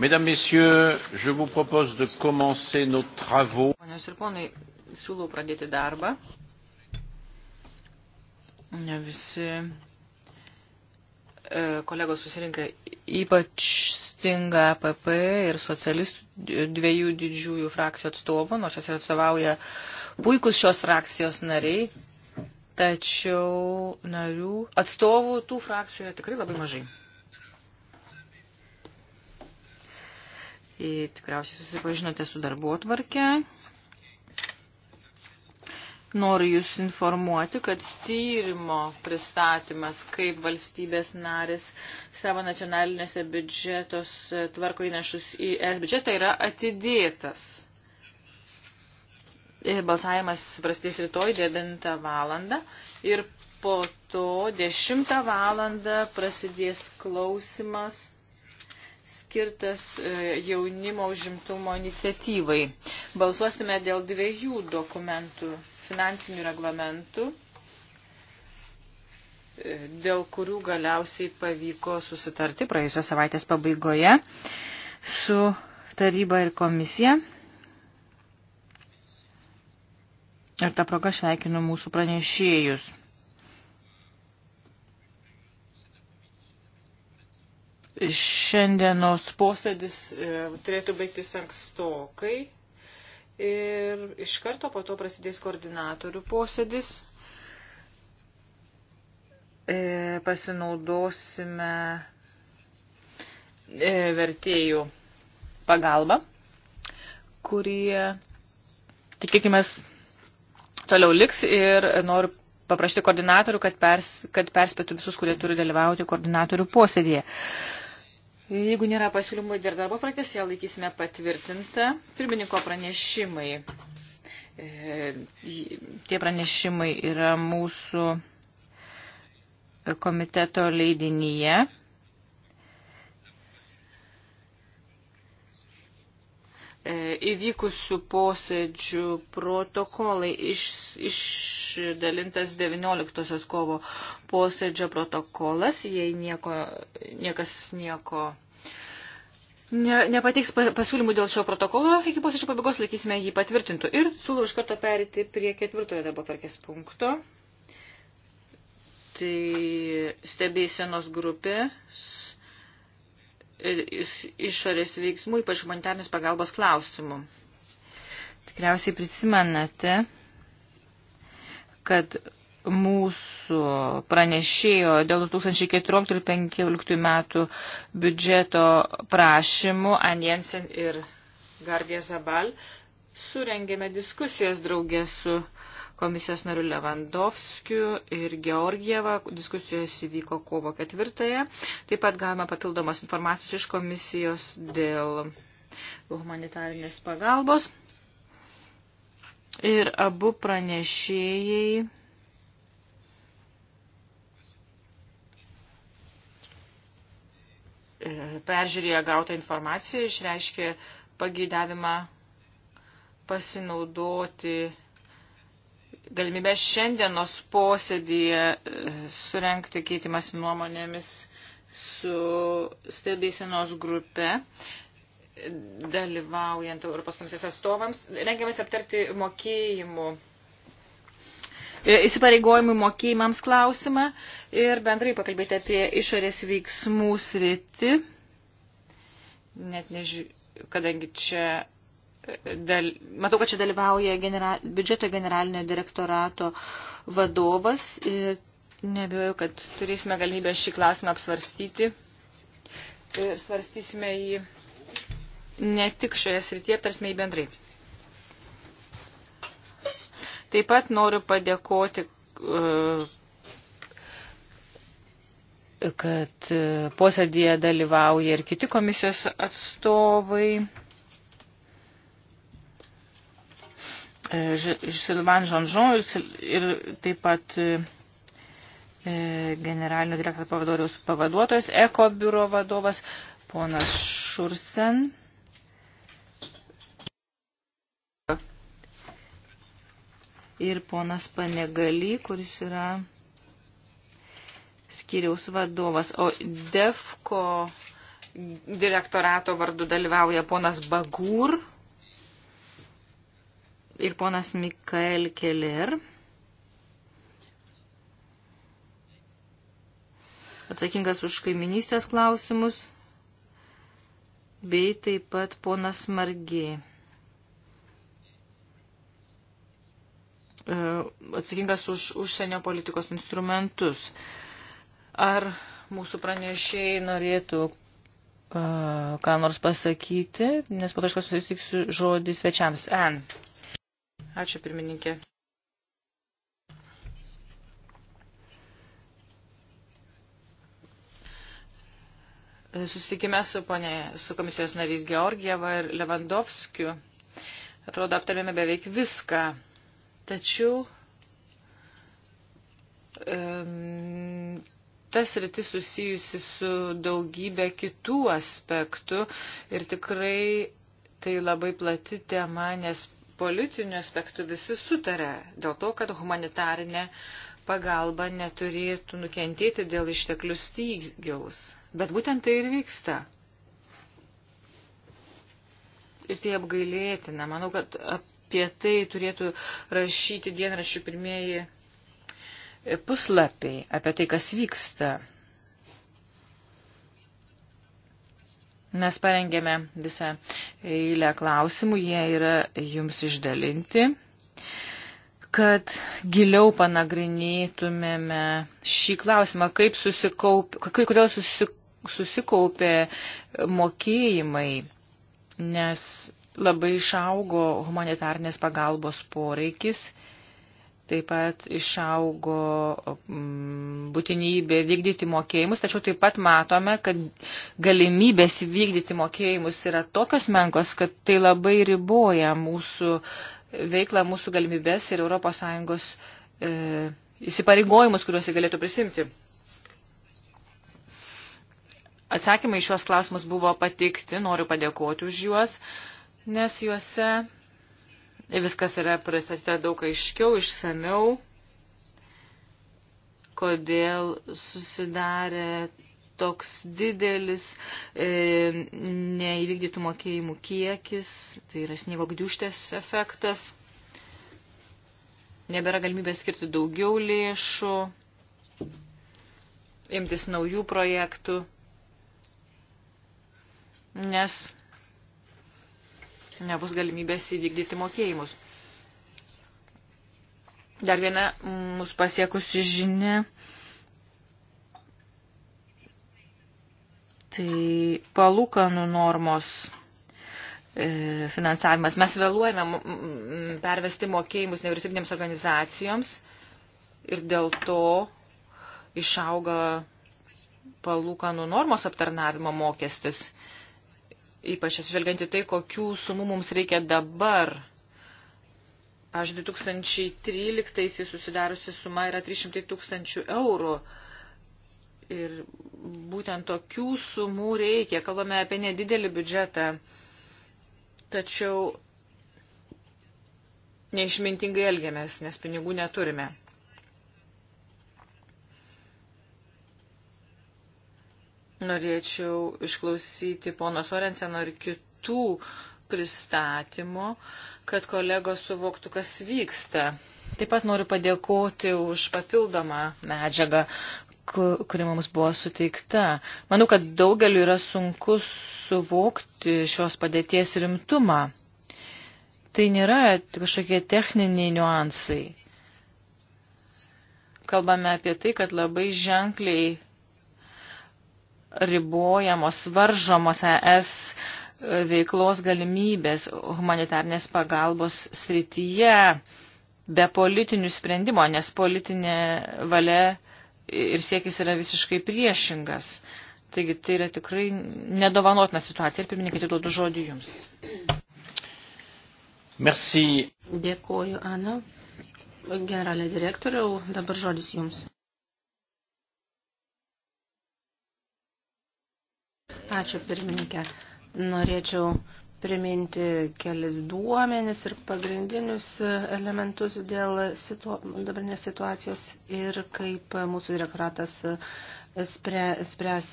Mesdames, Messieurs, je vous propose de commencer nos travaux. Ponios ir ponai, siūlau pradėti darbą. Ne visi e, kolegos susirinka ypač stinga APP e ir socialistų dviejų didžiųjų frakcijų atstovų, nors jas atstovauja puikus šios frakcijos nariai, tačiau narių atstovų tų frakcijų yra tikrai labai mažai. Tikriausiai susipažinote su darbo tvarke. Noriu Jūs informuoti, kad tyrimo pristatymas, kaip valstybės narės savo nacionalinėse biudžetos tvarko įnašus į es biudžetą, yra atidėtas. E, balsavimas prasidės rytoj 9 valandą ir po to 10 valandą prasidės klausimas skirtas e, jaunimo užimtumo iniciatyvai. Balsuosime dėl dviejų dokumentų - finansinių reglamentų, e, dėl kurių galiausiai pavyko susitarti praėjusios savaitės pabaigoje su taryba ir komisija. Ir tą progą sveikinu mūsų pranešėjus. šiandienos posėdis e, turėtų baigtis ankstokai ir iš karto po to prasidės koordinatorių posėdis. E, pasinaudosime e, vertėjų pagalbą, kurie, tikėkime, toliau liks ir noriu paprašyti koordinatorių, kad, pers, kad perspėtų visus, kurie turi dalyvauti koordinatorių posėdėje. Jeigu nėra pasiūlymų dėl darbo prakės, ją laikysime patvirtintą. Pirmininko pranešimai. E, tie pranešimai yra mūsų komiteto leidinyje. E, įvykusių posėdžių protokolai iš, išdalintas 19 kovo posėdžio protokolas, jei nieko, niekas nieko ne, nepateiks pasiūlymų dėl šio protokolo, iki posėdžio pabaigos laikysime jį patvirtintų. Ir siūlau iš karto perėti prie ketvirtojo darbo tvarkės punkto. Tai stebėsenos grupės išorės veiksmų, ypač humanitarnės pagalbos klausimų. Tikriausiai prisimenate, kad mūsų pranešėjo dėl 2014 ir 2015 metų biudžeto prašymų Anjensen ir Gardė Zabal surengėme diskusijas draugė su uh, komisijos nariu Levandovskiu ir Georgieva. Diskusijos įvyko kovo ketvirtąją. Taip pat gavome papildomos informacijos iš komisijos dėl humanitarinės pagalbos. Ir abu pranešėjai. E, peržiūrėję gautą informaciją išreiškė pageidavimą pasinaudoti galimybę šiandienos posėdėje e, surenkti keitimas nuomonėmis su stebėsenos grupe, dalyvaujant Europos komisijos atstovams. Rengiamės aptarti mokėjimų e, įsipareigojimų mokėjimams klausimą ir bendrai pakalbėti apie išorės veiksmų sritį. Net nežiūrėjau, kadangi čia dal, matau, kad čia dalyvauja general, biudžeto generalinio direktorato vadovas ir nebijoju, kad turėsime galimybę šį klausimą apsvarstyti ir svarstysime jį ne tik šioje srityje, aptarsime jį bendrai. Taip pat noriu padėkoti, e, kad e, posėdėje dalyvauja ir kiti komisijos atstovai. Silvan Žanžon ir taip pat e, e, generalinio direktorio pavaduotojos pavaduotojas, Eko biuro vadovas, ponas Šursen. Ir ponas Panegali, kuris yra skyriaus vadovas, o DEFCO direktorato vardu dalyvauja ponas Bagūr ir ponas Mikael Keller. Atsakingas už kaiminystės klausimus, bei taip pat ponas Margi. E, atsakingas už užsienio politikos instrumentus. Ar mūsų pranešėjai norėtų e, ką nors pasakyti, nes patoškas susitiksiu žodį svečiams. Anne. Ačiū pirmininkė. Susitikime su, ponė, su komisijos narys Georgieva ir Levandovskiu. Atrodo, aptarėme beveik viską. Tačiau um, tas rytis susijusi su daugybė kitų aspektų ir tikrai tai labai plati tema, nes politiniu aspektu visi sutarė dėl to, kad humanitarinė pagalba neturėtų nukentėti dėl išteklių stygiaus. Bet būtent tai ir vyksta. Ir tai apgailėtina. Manau, kad apie tai turėtų rašyti dienraščių pirmieji puslapiai, apie tai, kas vyksta Mes parengėme visą eilę klausimų, jie yra jums išdalinti, kad giliau panagrinėtumėme šį klausimą, kaip susikaupė, kai kodėl susikaupė mokėjimai, nes labai išaugo humanitarnės pagalbos poreikis Taip pat išaugo mm, būtinybė vykdyti mokėjimus, tačiau taip pat matome, kad galimybės vykdyti mokėjimus yra tokios menkos, kad tai labai riboja mūsų veiklą, mūsų galimybės ir ES e, įsipareigojimus, kuriuos jie galėtų prisimti. Atsakymai šios klausimus buvo patikti, noriu padėkoti už juos, nes juose Viskas yra pristatyta daug aiškiau, išsamiau, kodėl susidarė toks didelis e, neįvykdytų mokėjimų kiekis, tai yra sniego gdiuštės efektas, nebėra galimybės skirti daugiau lėšų, imtis naujų projektų, nes nebus galimybės įvykdyti mokėjimus. Dar viena mūsų pasiekusi žinia. Tai palūkanų normos e, finansavimas. Mes vėluojame pervesti mokėjimus nevyriausybinėms organizacijoms ir dėl to išauga palūkanų normos aptarnavimo mokestis ypač atsižvelgianti tai, kokių sumų mums reikia dabar. Aš 2013 susidariusi suma yra 300 tūkstančių eurų. Ir būtent tokių sumų reikia. Kalbame apie nedidelį biudžetą. Tačiau neišmintingai elgiamės, nes pinigų neturime. Norėčiau išklausyti pono Sorenseno ir kitų pristatymo, kad kolegos suvoktų, kas vyksta. Taip pat noriu padėkoti už papildomą medžiagą, kuri mums buvo suteikta. Manau, kad daugeliu yra sunku suvokti šios padėties rimtumą. Tai nėra kažkokie techniniai niuansai. Kalbame apie tai, kad labai ženkliai ribojamos, varžomos ES veiklos galimybės humanitarnės pagalbos srityje be politinių sprendimo, nes politinė valia ir siekis yra visiškai priešingas. Taigi tai yra tikrai nedovanotina situacija ir pirmininkai duodu žodį jums. Merci. Dėkuoju, Ana. Generalinė direktoriau, dabar žodis jums. Ačiū pirmininkė. Norėčiau priminti kelis duomenis ir pagrindinius elementus dėl situ, dabartinės situacijos ir kaip mūsų direktoratas spre, spręs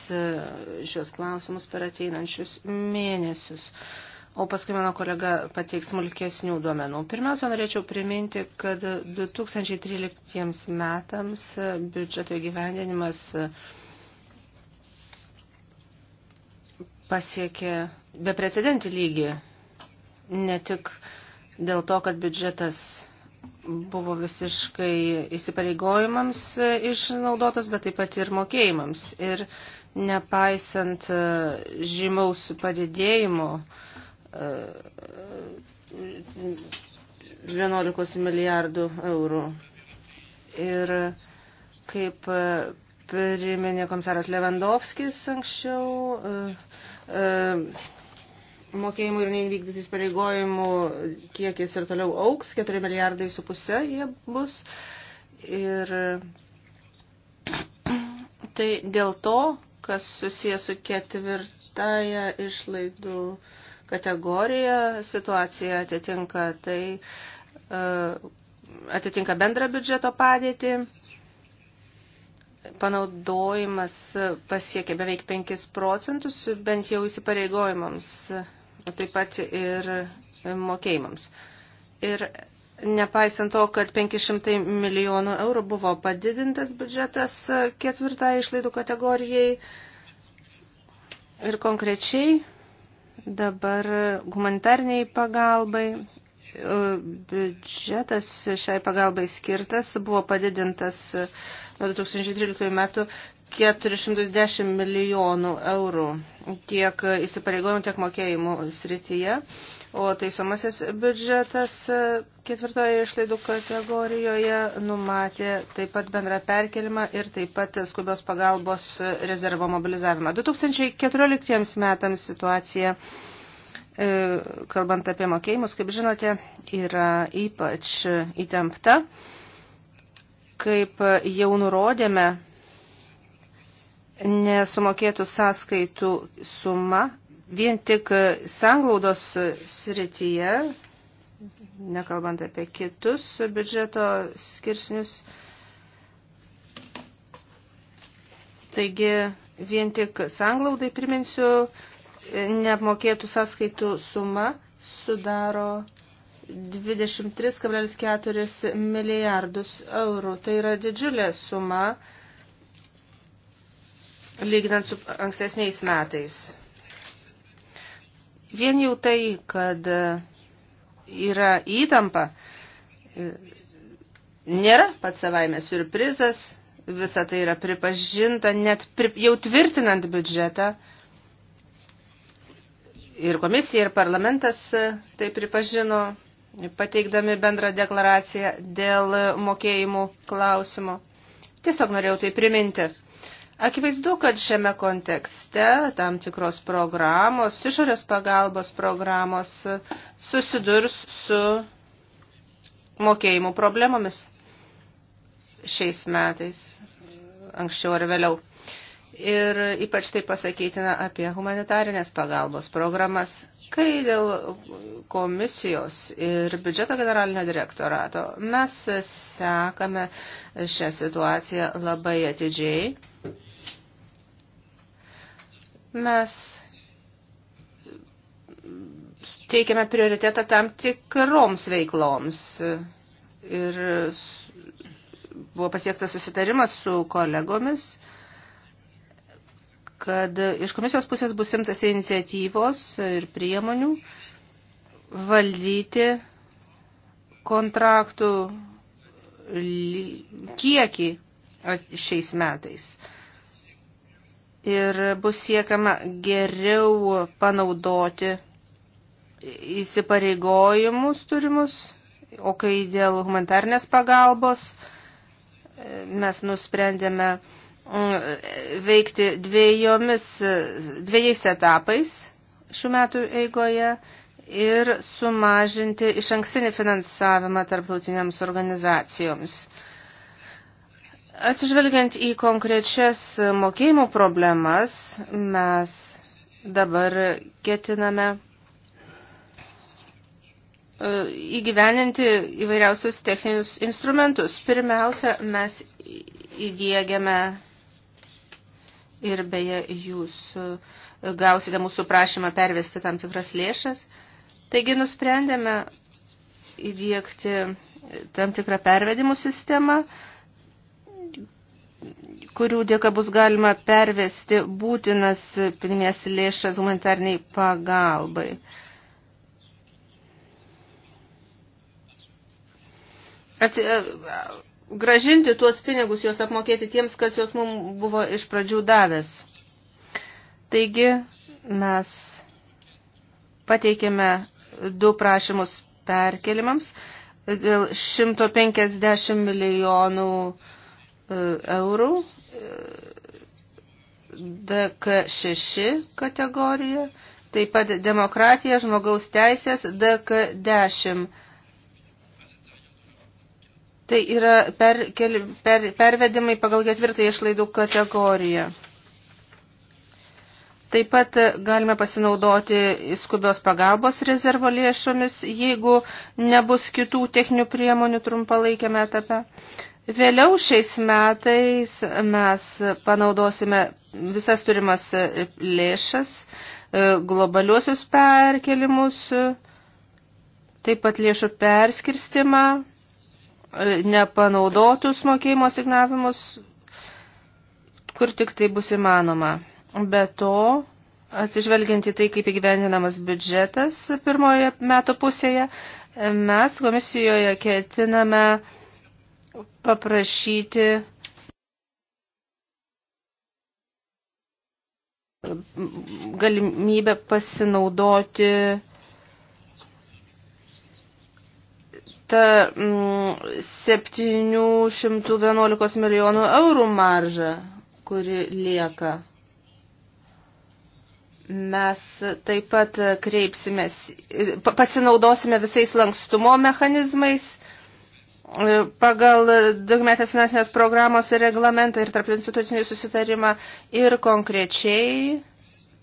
šios klausimus per ateinančius mėnesius. O paskui mano kolega pateiks smulkesnių duomenų. Pirmiausia, norėčiau priminti, kad 2013 metams biudžeto įgyvendinimas pasiekė beprecedentį lygį. Ne tik dėl to, kad biudžetas buvo visiškai įsipareigojimams išnaudotas, bet taip pat ir mokėjimams. Ir nepaisant e, žymaus padidėjimo 11 e, milijardų eurų. Ir kaip e, priminė komisaras Levandovskis anksčiau. E, e, mokėjimų ir neįvykdytis pareigojimų kiekis ir toliau auks, 4 milijardai su pusė jie bus. Ir tai dėl to, kas susijęs su ketvirtaja išlaidų kategorija, situacija atitinka tai e, atitinka bendrą biudžeto padėtį panaudojimas pasiekė beveik 5 procentus, bent jau įsipareigojimams, taip pat ir mokėjimams. Ir nepaisant to, kad 500 milijonų eurų buvo padidintas biudžetas ketvirtai išlaidų kategorijai ir konkrečiai dabar humanitarniai pagalbai biudžetas šiai pagalbai skirtas buvo padidintas nuo 2013 metų 410 milijonų eurų tiek įsipareigojimų, tiek mokėjimų srityje, o taisomasis biudžetas e, ketvirtoje išlaidų kategorijoje numatė taip pat bendrą perkelimą ir taip pat skubios pagalbos rezervo mobilizavimą. 2014 metams situacija e, kalbant apie mokėjimus, kaip žinote, yra ypač įtempta. Kaip jau nurodėme, nesumokėtų sąskaitų suma vien tik sanglaudos srityje, nekalbant apie kitus biudžeto skirsnius. Taigi vien tik sanglaudai, priminsiu, neapmokėtų sąskaitų suma sudaro 23,4 milijardus eurų. Tai yra didžiulė suma lyginant su ankstesniais metais. Vien jau tai, kad yra įtampa, nėra pats savaime surprizas, visa tai yra pripažinta, net pri, jau tvirtinant biudžetą. Ir komisija, ir parlamentas tai pripažino, pateikdami bendrą deklaraciją dėl mokėjimų klausimo. Tiesiog norėjau tai priminti. Akivaizdu, kad šiame kontekste tam tikros programos, išorės pagalbos programos susidurs su mokėjimų problemomis šiais metais, anksčiau ar vėliau. Ir ypač tai pasakytina apie humanitarinės pagalbos programas. Kai dėl komisijos ir biudžeto generalinio direktorato mes sekame šią situaciją labai atidžiai, mes teikiame prioritetą tam tikroms veikloms. Ir buvo pasiektas susitarimas su kolegomis kad iš komisijos pusės bus simtas iniciatyvos ir priemonių valdyti kontraktų kiekį šiais metais. Ir bus siekiama geriau panaudoti įsipareigojimus turimus, o kai dėl humanitarnės pagalbos e, mes nusprendėme veikti dviejomis, dviejais etapais šių metų eigoje ir sumažinti iš ankstinį finansavimą tarptautiniams organizacijoms. Atsižvelgiant į konkrečias mokėjimų problemas, mes dabar ketiname e, įgyveninti įvairiausius techninius instrumentus. Pirmiausia, mes įdėgiame ir beje jūs e, gausite mūsų prašymą pervesti tam tikras lėšas. Taigi nusprendėme įdėkti tam tikrą pervedimų sistemą, kurių dėka bus galima pervesti būtinas piniginės lėšas humanitarniai pagalbai. Atsi, gražinti tuos pinigus, juos apmokėti tiems, kas juos mums buvo iš pradžių davęs. Taigi mes pateikėme du prašymus perkelimams dėl 150 milijonų e, eurų e, DK6 kategorija, taip pat demokratija, žmogaus teisės DK10 kategorija Tai yra per, keli, per, pervedimai pagal ketvirtąją išlaidų kategoriją. Taip pat galime pasinaudoti skubios pagalbos rezervo lėšomis, jeigu nebus kitų techninių priemonių trumpalaikiame etape. Vėliau šiais metais mes panaudosime visas turimas lėšas, e, globaliuosius perkelimus, taip pat lėšų perskirstimą nepanaudotus mokėjimo signavimus, kur tik tai bus įmanoma. Be to, atsižvelgiant į tai, kaip įgyvendinamas biudžetas pirmoje metų pusėje, mes komisijoje ketiname paprašyti galimybę pasinaudoti ta 711 mm, milijonų eurų marža, kuri lieka. Mes taip pat kreipsimės, pasinaudosime visais lankstumo mechanizmais e, pagal daugmetės finansinės programos ir reglamentą ir tarp institucinį susitarimą ir konkrečiai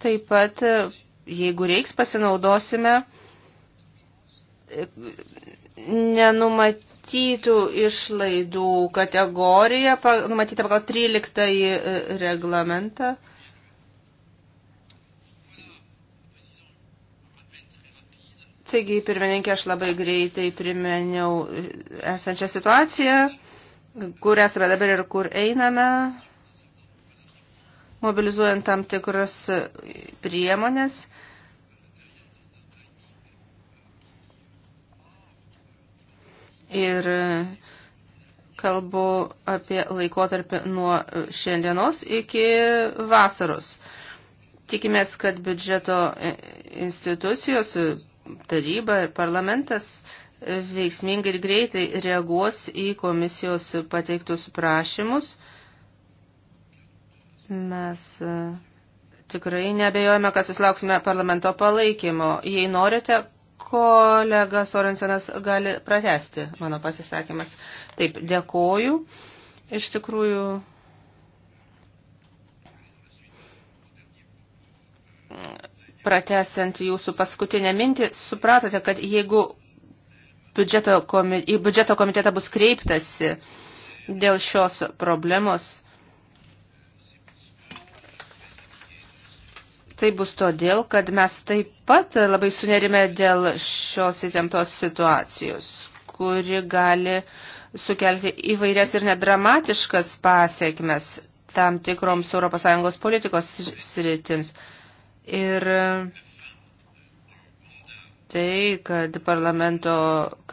taip pat, jeigu reiks, pasinaudosime nenumatytų išlaidų kategorija, numatyta pagal 13 e, reglamentą. Taigi, pirmininkė, aš labai greitai primeniau e, esančią situaciją, kur esame dabar ir kur einame, mobilizuojant tam tikras priemonės. Ir e, kalbu apie laikotarpį nuo šiandienos iki vasaros. Tikimės, kad biudžeto institucijos, taryba ir parlamentas veiksmingai ir greitai reaguos į komisijos pateiktus prašymus. Mes e, tikrai nebejojame, kad susilauksime parlamento palaikymo. Jei norite, kolega Sorensenas gali pratesti mano pasisakymas. Taip, dėkoju. Iš tikrųjų, pratesiant jūsų paskutinę mintį, supratote, kad jeigu biudžeto komi į biudžeto komitetą bus kreiptasi dėl šios problemos, Tai bus todėl, kad mes taip pat labai sunerime dėl šios įtemptos situacijos, kuri gali sukelti įvairias ir nedramatiškas pasiekmes tam tikroms ES politikos sritims. Ir tai, kad parlamento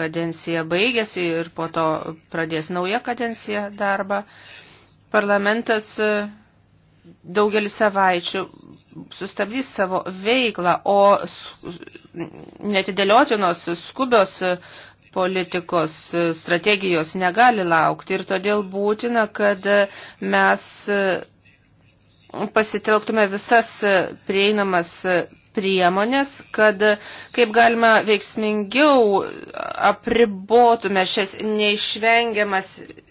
kadencija baigėsi ir po to pradės nauja kadencija darbą, parlamentas daugelį savaičių sustabdys savo veiklą, o netidėliotinos skubios politikos strategijos negali laukti ir todėl būtina, kad mes pasitelktume visas prieinamas priemonės, kad kaip galima veiksmingiau apribotume šias neišvengiamas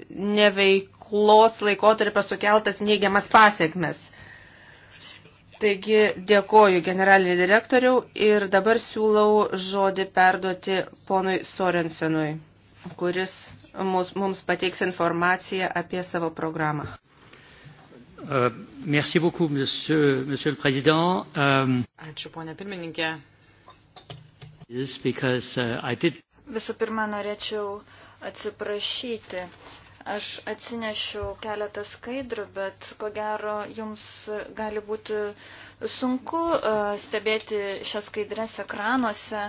neveiklos laikotarpio sukeltas neigiamas pasiekmes. Taigi dėkoju generalinį direktoriau ir dabar siūlau žodį perduoti ponui Sorensenui, kuris mums, mums pateiks informaciją apie savo programą. Uh, merci beaucoup, monsieur, monsieur le président. Um, Ačiū, ponė pirmininkė. Because, uh, I did... Visų pirma, norėčiau atsiprašyti. Uh, Aš atsinešiau keletą skaidrų, bet ko gero jums gali būti sunku e, stebėti šias skaidrės ekranuose.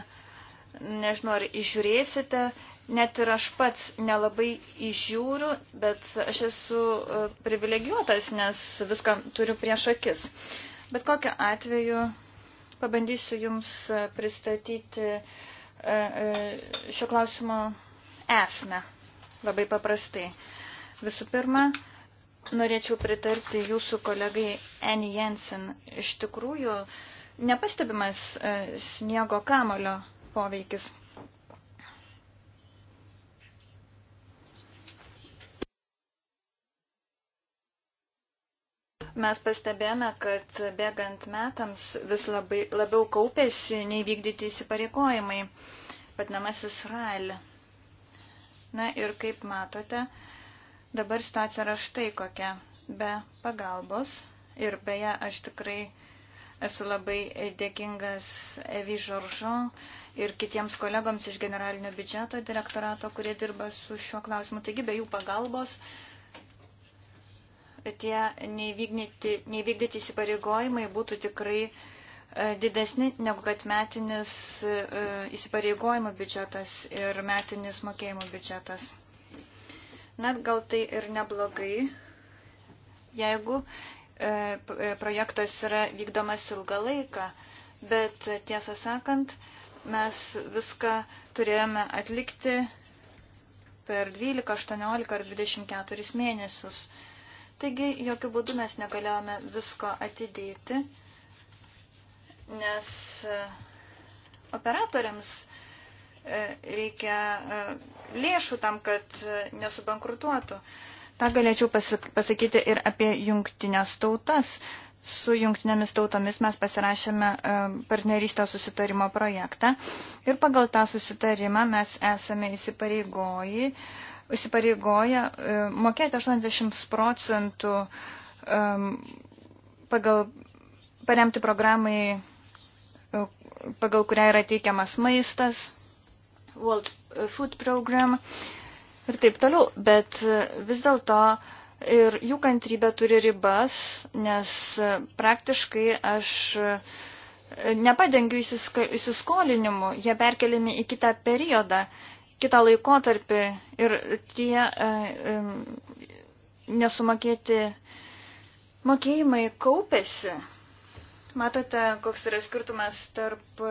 Nežinau, ar išžiūrėsite. Net ir aš pats nelabai išžiūriu, bet aš esu e, privilegijuotas, nes viską turiu prieš akis. Bet kokiu atveju pabandysiu jums e, pristatyti šio klausimo esmę labai paprastai. Visų pirma, norėčiau pritarti jūsų kolegai Annie Jensen. Iš tikrųjų, nepastebimas e, sniego kamulio poveikis. mes pastebėjome, kad bėgant metams vis labai, labiau kaupėsi neįvykdyti įsipareikojimai, patnamasis RAL. Na ir kaip matote, dabar situacija yra štai kokia. Be pagalbos ir beje, aš tikrai esu labai dėkingas Evi Žoržon ir kitiems kolegoms iš generalinio biudžeto direktorato, kurie dirba su šiuo klausimu. Taigi, be jų pagalbos tie neįvykdyti, neįvykdyti įsipareigojimai būtų tikrai uh, didesni negu kad metinis e, įsipareigojimo biudžetas ir metinis mokėjimo biudžetas. Net gal tai ir neblogai, jeigu e, e, projektas yra vykdomas ilgą laiką, bet tiesą sakant, mes viską turėjome atlikti per 12, 18 ar 24 mėnesius. Taigi, jokių būdų mes negalėjome visko atidėti nes e, operatoriams e, reikia e, lėšų tam, kad nesubankrutuotų. Ta galėčiau pasakyti ir apie jungtinės tautas. Su jungtinėmis tautomis mes pasirašėme partnerystę susitarimo projektą ir pagal tą susitarimą mes esame įsipareigoję mokėti 80 procentų pagal paremti programai pagal kurią yra teikiamas maistas, World Food Program ir taip toliau. Bet vis dėlto ir jų kantrybė turi ribas, nes praktiškai aš nepadengiu įsiskolinimų, jie perkeliami į kitą periodą, kitą laikotarpį ir tie e, e, nesumokėti mokėjimai kaupėsi. Matote, koks yra skirtumas tarp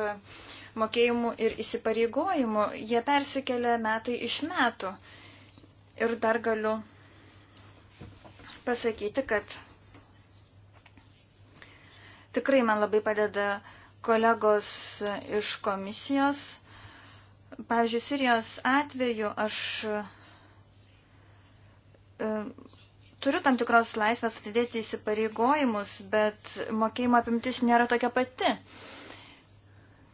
mokėjimų ir įsipareigojimų. Jie persikelia metai iš metų. Ir dar galiu pasakyti, kad tikrai man labai padeda kolegos iš komisijos. Pavyzdžiui, Sirijos atveju aš e, turiu tam tikros laisvės atidėti įsipareigojimus, bet mokėjimo apimtis nėra tokia pati.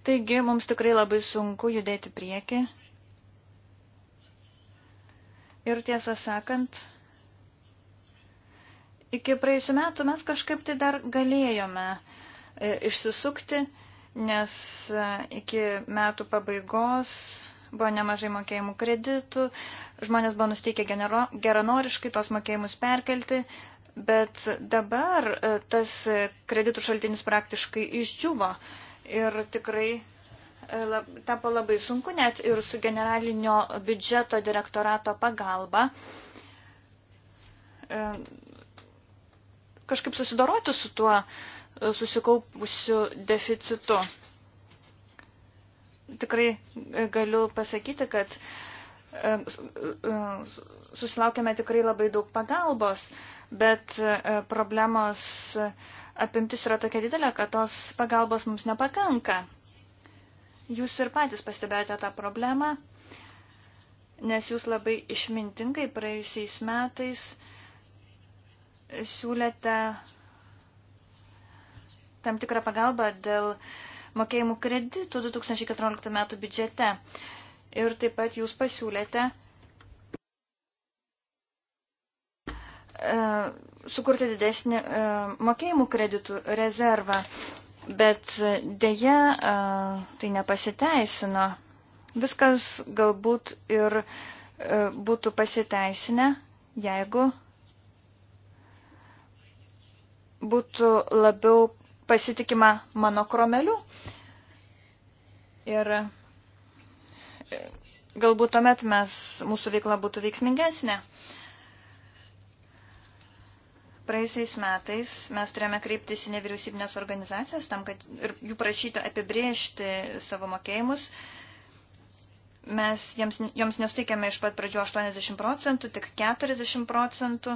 Taigi mums tikrai labai sunku judėti prieki. Ir tiesą sakant, iki praėjusių metų mes kažkaip tai dar galėjome e, išsisukti, nes e, iki metų pabaigos buvo nemažai mokėjimų kreditų, žmonės buvo nusteikę geranoriškai tos mokėjimus perkelti, bet dabar e, tas kreditų šaltinis praktiškai išdžiuvo ir tikrai e, lab, tapo labai sunku net ir su generalinio biudžeto direktorato pagalba e, kažkaip susidoroti su tuo susikaupusiu deficitu tikrai e, galiu pasakyti, kad e, e, susilaukėme tikrai labai daug pagalbos, bet problemos apimtis yra tokia didelė, kad tos pagalbos mums nepakanka. Jūs ir patys pastebėjote tą problemą, nes jūs labai išmintingai praėjusiais metais siūlėte tam tikrą pagalbą dėl uh, mokėjimų kreditų 2014 metų biudžete. Ir taip pat jūs pasiūlėte e, sukurti didesnį e, mokėjimų kreditų rezervą, bet dėje tai nepasiteisino. Viskas galbūt ir e, būtų pasiteisinę, jeigu būtų labiau pasitikima mano kromeliu. Ir galbūt tuomet mes, mūsų veikla būtų veiksmingesnė. Praėjusiais metais mes turėjome kreiptis į nevyriausybinės organizacijas tam, kad ir jų prašyti apibriežti savo mokėjimus. Uh, mes jiems, joms nesuteikėme iš pat pradžių 80 procentų, tik 40 procentų.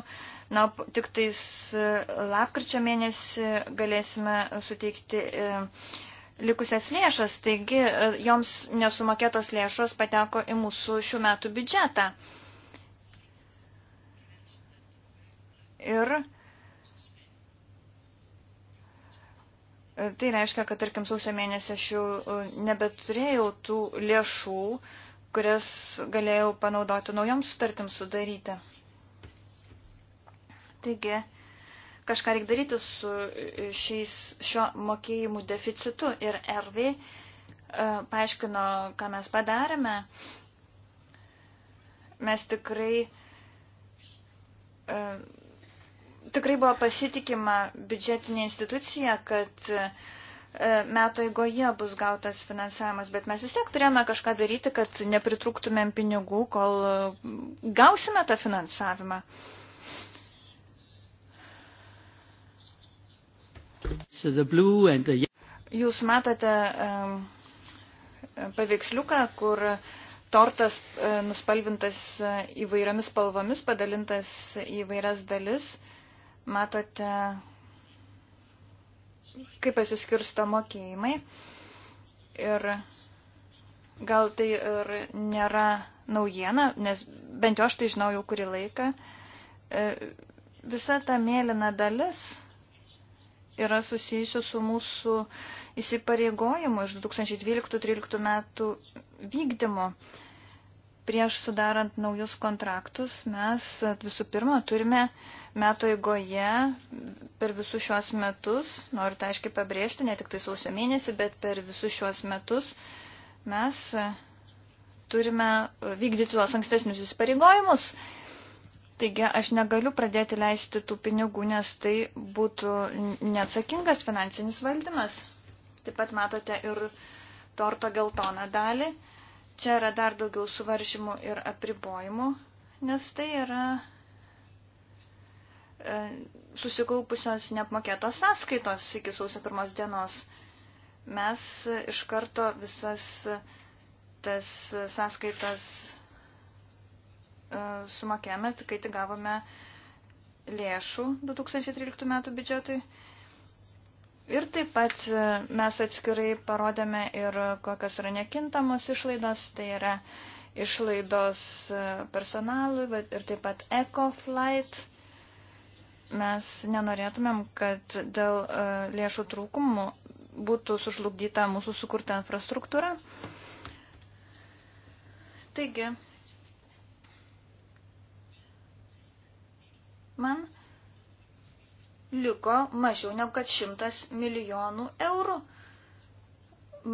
Na, tik tais e, lapkričio mėnesį galėsime suteikti e, likusias lėšas, taigi e, joms nesumokėtos lėšos pateko į mūsų šių metų biudžetą. Ir Tai reiškia, kad tarkim sausio mėnesį aš jau e, nebeturėjau tų lėšų, kurias galėjau panaudoti naujoms sutartims sudaryti. Taigi, kažką reikia daryti su e, šiais, šio mokėjimų deficitu ir RV e, paaiškino, ką mes padarėme. Mes tikrai e, tikrai buvo pasitikima biudžetinė institucija, kad e, metų eigoje bus gautas finansavimas, bet mes vis tiek turėjome kažką daryti, kad nepritrūktumėm pinigų, kol gausime tą finansavimą. So the blue and the... Jūs matote um, paveiksliuką, kur tortas e, nuspalvintas įvairiomis spalvomis, padalintas į vairias dalis. Uh, matote, kaip pasiskirsto mokėjimai. Ir gal tai ir nėra naujiena, nes bent jau aš tai žinau jau kurį laiką. E, visa ta mėlyna dalis yra susijusi su mūsų įsipareigojimu iš 2012-2013 metų vykdymo prieš sudarant naujus kontraktus mes visų pirma turime metų eigoje per visus šiuos metus, noriu tai aiškiai pabrėžti, ne tik tai sausio mėnesį, bet per visus šiuos metus mes turime vykdyti tuos ankstesnius įsipareigojimus. Taigi aš negaliu pradėti leisti tų pinigų, nes tai būtų neatsakingas finansinis valdymas. Taip pat matote ir torto geltoną dalį. Uh, Čia yra dar daugiau suvaržymų ir apribojimų, nes tai yra e, susikaupusios neapmokėtos sąskaitos iki sausio pirmos dienos. Mes iš karto visas tas sąskaitas e, sumokėjome, kai tik gavome lėšų 2013 metų biudžetui. Ir taip pat e, mes atskirai parodėme ir kokios yra nekintamos išlaidos, tai yra išlaidos e, personalui ir taip pat EcoFlight. Mes nenorėtumėm, kad dėl e, lėšų trūkumų būtų sužlugdyta mūsų sukurta infrastruktūra. Taigi, man liko mažiau negu kad 100 milijonų eurų.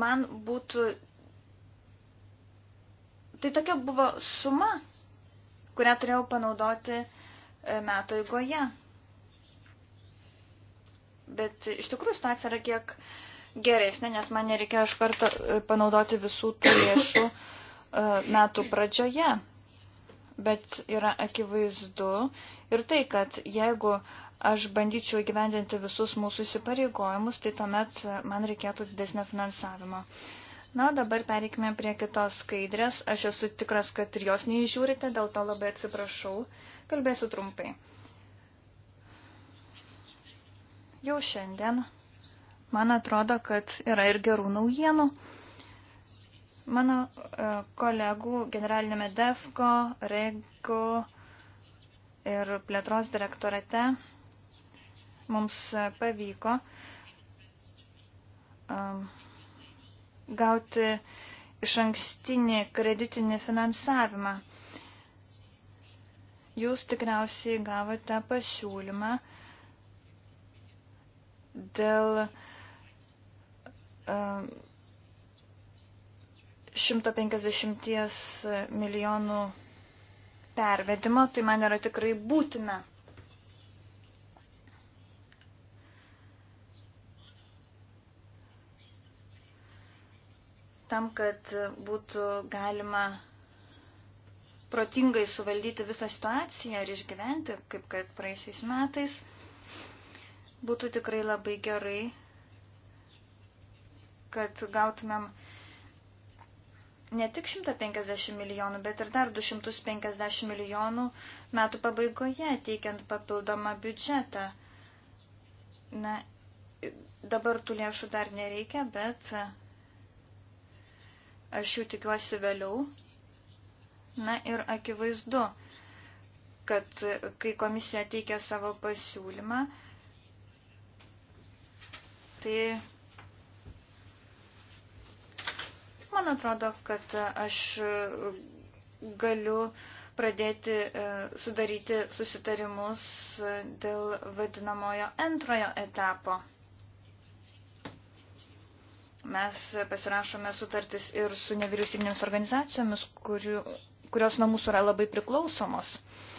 Man būtų. Tai tokia buvo suma, kurią turėjau panaudoti e, metų eigoje. Bet iš tikrųjų situacija yra kiek geresnė, nes man nereikėjo iš karto e, panaudoti visų tų lėšų e, metų pradžioje bet yra akivaizdu ir tai, kad jeigu aš bandyčiau įgyvendinti visus mūsų įsipareigojimus, tai tuomet man reikėtų didesnio finansavimo. Na, dabar pereikime prie kitos skaidrės. Aš esu tikras, kad ir jos neįžiūrite, dėl to labai atsiprašau. Kalbėsiu trumpai. Jau šiandien man atrodo, kad yra ir gerų naujienų. Mano e, kolegų generalinėme DEFCO, REGO ir plėtros direktorate mums e, pavyko e, gauti iš ankstinį kreditinį finansavimą. Jūs tikriausiai gavote pasiūlymą dėl uh, 150 milijonų pervedimo, tai man yra tikrai būtina. Tam, kad būtų galima protingai suvaldyti visą situaciją ir išgyventi, kaip kad praeisiais metais, būtų tikrai labai gerai, kad gautumėm uh, ne tik 150 milijonų, bet ir dar 250 milijonų metų pabaigoje, teikiant papildomą biudžetą. Na, dabar tų lėšų dar nereikia, bet aš jų tikiuosi vėliau. Na ir akivaizdu, kad kai komisija teikia savo pasiūlymą, tai Man atrodo, kad aš galiu pradėti e, sudaryti susitarimus dėl vadinamojo antrojo etapo. Mes pasirašome sutartis ir su nevyriausybinėmis organizacijomis, kurių, kurios nuo mūsų yra labai priklausomos. Uh,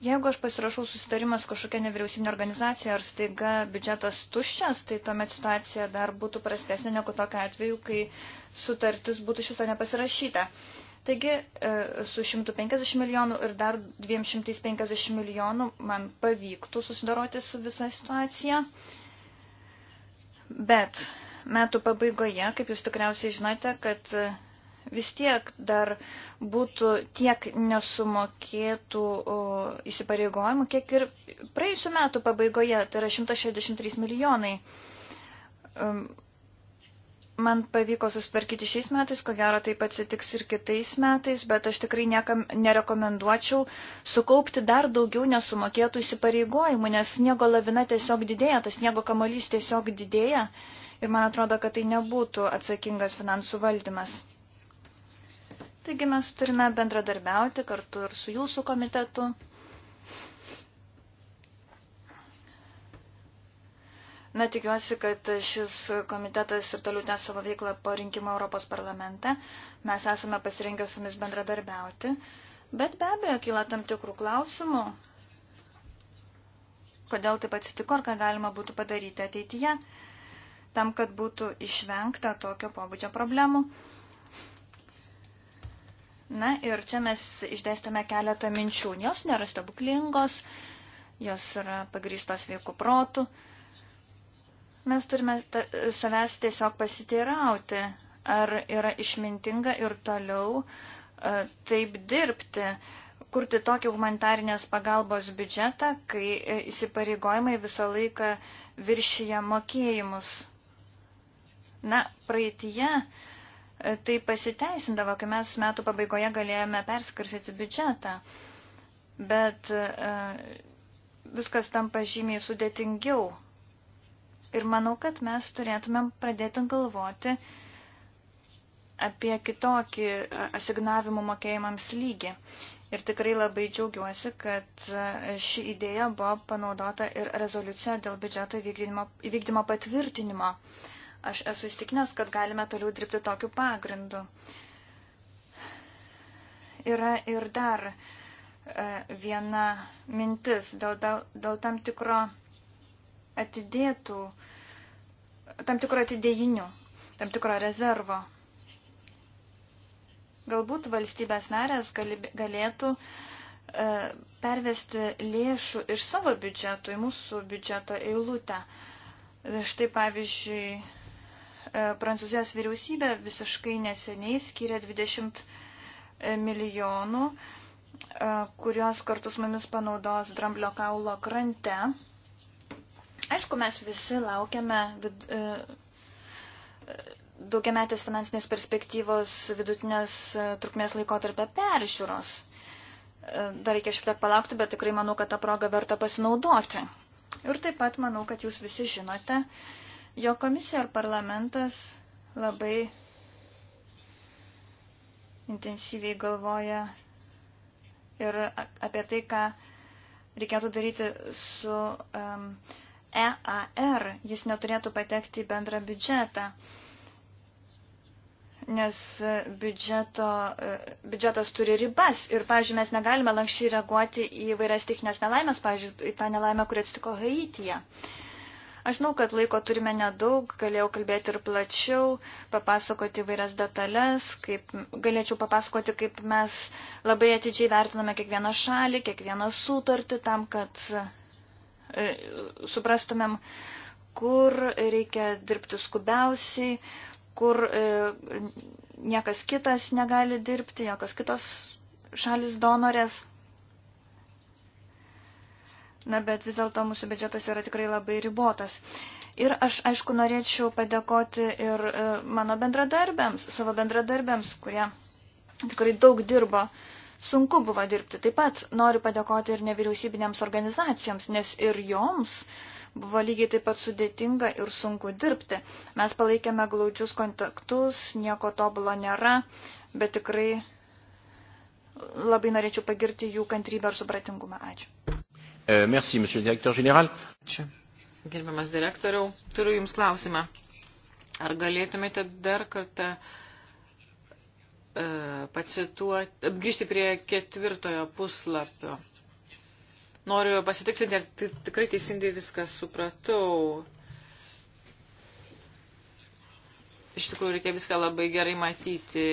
Jeigu aš pasirašau susitarimas kažkokia nevyriausybinė organizacija ar staiga biudžetas tuščias, tai tuomet situacija dar būtų prastesnė negu tokia atveju, kai sutartis būtų šis nepasirašyta. Taigi e, su 150 milijonų ir dar 250 milijonų man pavyktų susidoroti su visa situacija. Bet metų pabaigoje, kaip jūs tikriausiai žinote, kad vis tiek dar būtų tiek nesumokėtų įsipareigojimų, kiek ir praėjusiu metu pabaigoje, tai yra 163 milijonai. Man pavyko susitvarkyti šiais metais, ko gero taip atsitiks ir kitais metais, bet aš tikrai niekam nerekomenduočiau sukaupti dar daugiau nesumokėtų įsipareigojimų, nes sniego lavina tiesiog didėja, tas sniego kamolys tiesiog didėja ir man atrodo, kad tai nebūtų atsakingas finansų valdymas. Taigi mes turime bendradarbiauti kartu ir su jūsų komitetu. Na, tikiuosi, kad šis komitetas ir toliau tęs savo veiklą po rinkimo Europos parlamente. Mes esame pasirengę su jumis bendradarbiauti, bet be abejo, kyla tam tikrų klausimų, kodėl taip atsitiko ir ką galima būtų padaryti ateityje, tam, kad būtų išvengta tokio pobūdžio problemų. Na ir čia mes išdėstame keletą minčių. Jos nėra stebuklingos, jos yra pagrįstos veikų protų. Mes turime savęs tiesiog pasiteirauti, ar yra išmintinga ir toliau a, e, taip dirbti, kurti tokį humanitarinės pagalbos biudžetą, kai e, įsipareigojimai visą laiką viršyje mokėjimus. Na, praeitie uh, E, tai pasiteisindavo, kai mes metų pabaigoje galėjome perskarsyti biudžetą. Bet e, viskas tampa žymiai sudėtingiau. Ir manau, kad mes turėtumėm pradėti galvoti apie kitokį e, asignavimų mokėjimams lygį. Ir tikrai labai džiaugiuosi, kad ši idėja buvo panaudota ir rezoliucija dėl biudžeto įvykdymo, įvykdymo patvirtinimo. Uh, Aš esu įstikinęs, kad galime toliau dirbti tokiu pagrindu. Yra ir dar e, viena mintis dėl, dėl, dėl tam tikro atidėtų, tam tikro atidėjinių, tam tikro rezervo. Galbūt valstybės narės galėtų e, pervesti lėšų iš savo biudžeto į mūsų biudžeto eilutę. Štai pavyzdžiui, E, Prancūzijos vyriausybė visiškai neseniai skiria 20 e, milijonų, e, kuriuos kartu su mumis panaudos Dramblio kaulo krante. Aišku, mes visi laukiame vid, daugiametės finansinės perspektyvos vidutinės trukmės laikotarpio peržiūros. Dar reikia šiek tiek palaukti, bet tikrai manau, kad tą progą verta pasinaudoti. Ir taip pat manau, kad jūs visi žinote, uh, jo komisija ar parlamentas labai intensyviai galvoja ir apie tai, ką reikėtų daryti su um, EAR. Jis neturėtų patekti į bendrą biudžetą, nes biudžeto, e, biudžetas turi ribas ir, pavyzdžiui, mes negalime lankščiai reaguoti į vairias techninės nelaimės, pavyzdžiui, į tą nelaimę, kuri atsitiko Haityje. Uh, Aš žinau, kad laiko turime nedaug, galėjau kalbėti ir plačiau, papasakoti vairias detalės, kaip, galėčiau papasakoti, kaip mes labai atidžiai vertiname kiekvieną šalį, kiekvieną sutartį, tam, kad e, suprastumėm, kur reikia dirbti skubiausiai, kur e, niekas kitas negali dirbti, jokios kitos šalis donorės. Na, bet vis dėlto mūsų biudžetas yra tikrai labai ribotas. Ir aš, aišku, norėčiau padėkoti ir e, mano bendradarbėms, savo bendradarbėms, kurie tikrai daug dirbo. Sunku buvo dirbti. Taip pat noriu padėkoti ir nevyriausybinėms organizacijoms, nes ir joms buvo lygiai taip pat sudėtinga ir sunku dirbti. Mes palaikėme glaudžius kontaktus, nieko tobulo nėra, bet tikrai labai norėčiau pagirti jų kantrybę ir supratingumą. Ačiū. E, merci, monsieur direktor general. Ačiū. Gerbiamas direktoriau, turiu Jums klausimą. Ar galėtumėte dar kartą e, pacituoti, grįžti prie ketvirtojo puslapio? Noriu pasitiksinti, ar tikrai teisingai viską supratau. Iš tikrųjų, reikia viską labai gerai matyti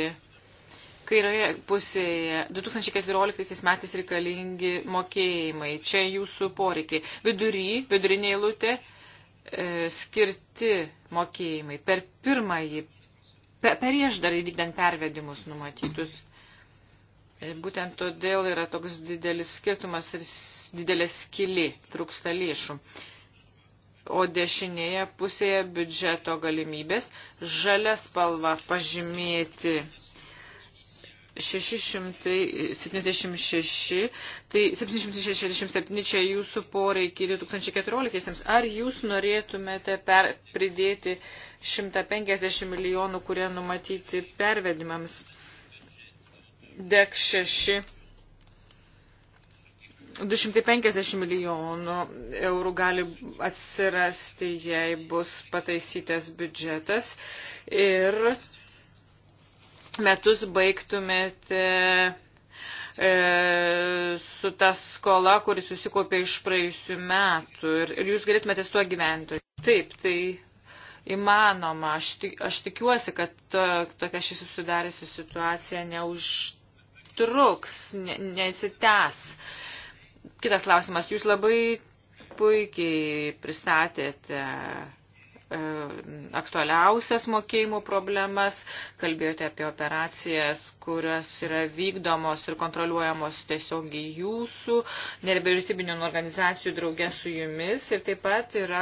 kairioje pusėje 2014 metais reikalingi mokėjimai. Čia jūsų poreikiai. Vidury, vidurinė eilutė, e, skirti mokėjimai. Per pirmąjį, per, prieš dar įvykdant pervedimus numatytus. E, būtent todėl yra toks didelis skirtumas ir didelė skili, trūksta lėšų. O dešinėje pusėje biudžeto galimybės žalia spalva pažymėti 676, tai 767 čia jūsų poreikiai 2014. Ar jūs norėtumėte per, pridėti 150 milijonų, kurie numatyti pervedimams? DEC 6. 250 milijonų eurų gali atsirasti, jei bus pataisytas biudžetas ir metus baigtumėte e, su ta skola, kuri susikopė iš praėjusių metų ir, ir jūs galėtumėte su tuo gyventi. Taip, tai įmanoma. Aš, tik, aš tikiuosi, kad to, tokia ši susidariusi situacija neužtruks, ne, nesitęs. Kitas klausimas. Jūs labai puikiai pristatėte E, aktualiausias mokėjimų problemas, kalbėjote apie operacijas, kurios yra vykdomos ir kontroliuojamos tiesiog jūsų, nebevyriausybinių organizacijų draugė su jumis ir taip pat yra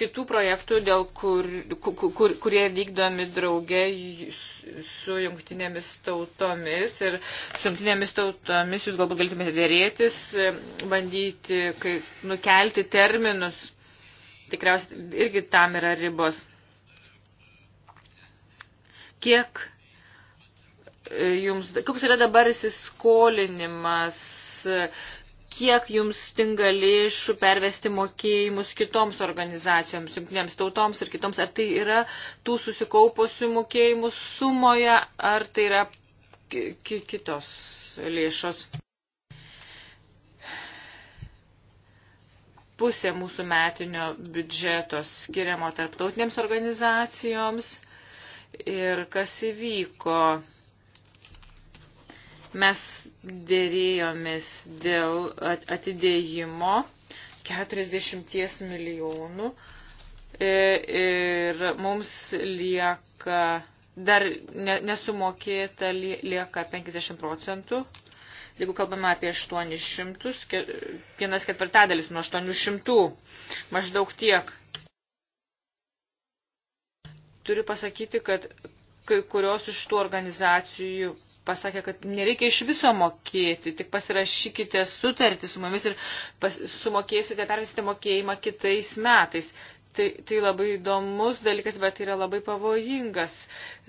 kitų projektų, dėl kur, kur, kur, kurie vykdomi drauge su jungtinėmis tautomis ir su jungtinėmis tautomis jūs galbūt galėtumėte dėrėtis, e, bandyti kai, nukelti terminus tikriausiai irgi tam yra ribos. Kiek e, jums, koks yra dabar įsiskolinimas, kiek jums stinga lėšų pervesti mokėjimus kitoms organizacijoms, jungtinėms tautoms ir kitoms, ar tai yra tų susikaupusių mokėjimų sumoje, ar tai yra kitos lėšos. pusė mūsų metinio biudžeto skiriamo tarptautinėms organizacijoms ir kas įvyko. Mes dėrėjomis dėl atidėjimo 40 milijonų e, ir mums lieka dar nesumokėta lieka 50 procentų Jeigu kalbame apie 800, vienas ketvirtadalis nuo 800, maždaug tiek. Turiu pasakyti, kad kai kurios iš tų organizacijų pasakė, kad nereikia iš viso mokėti, tik pasirašykite sutartį su mumis ir pas, sumokėsite, pervesite mokėjimą kitais metais. Tai, tai labai įdomus dalykas, bet tai yra labai pavojingas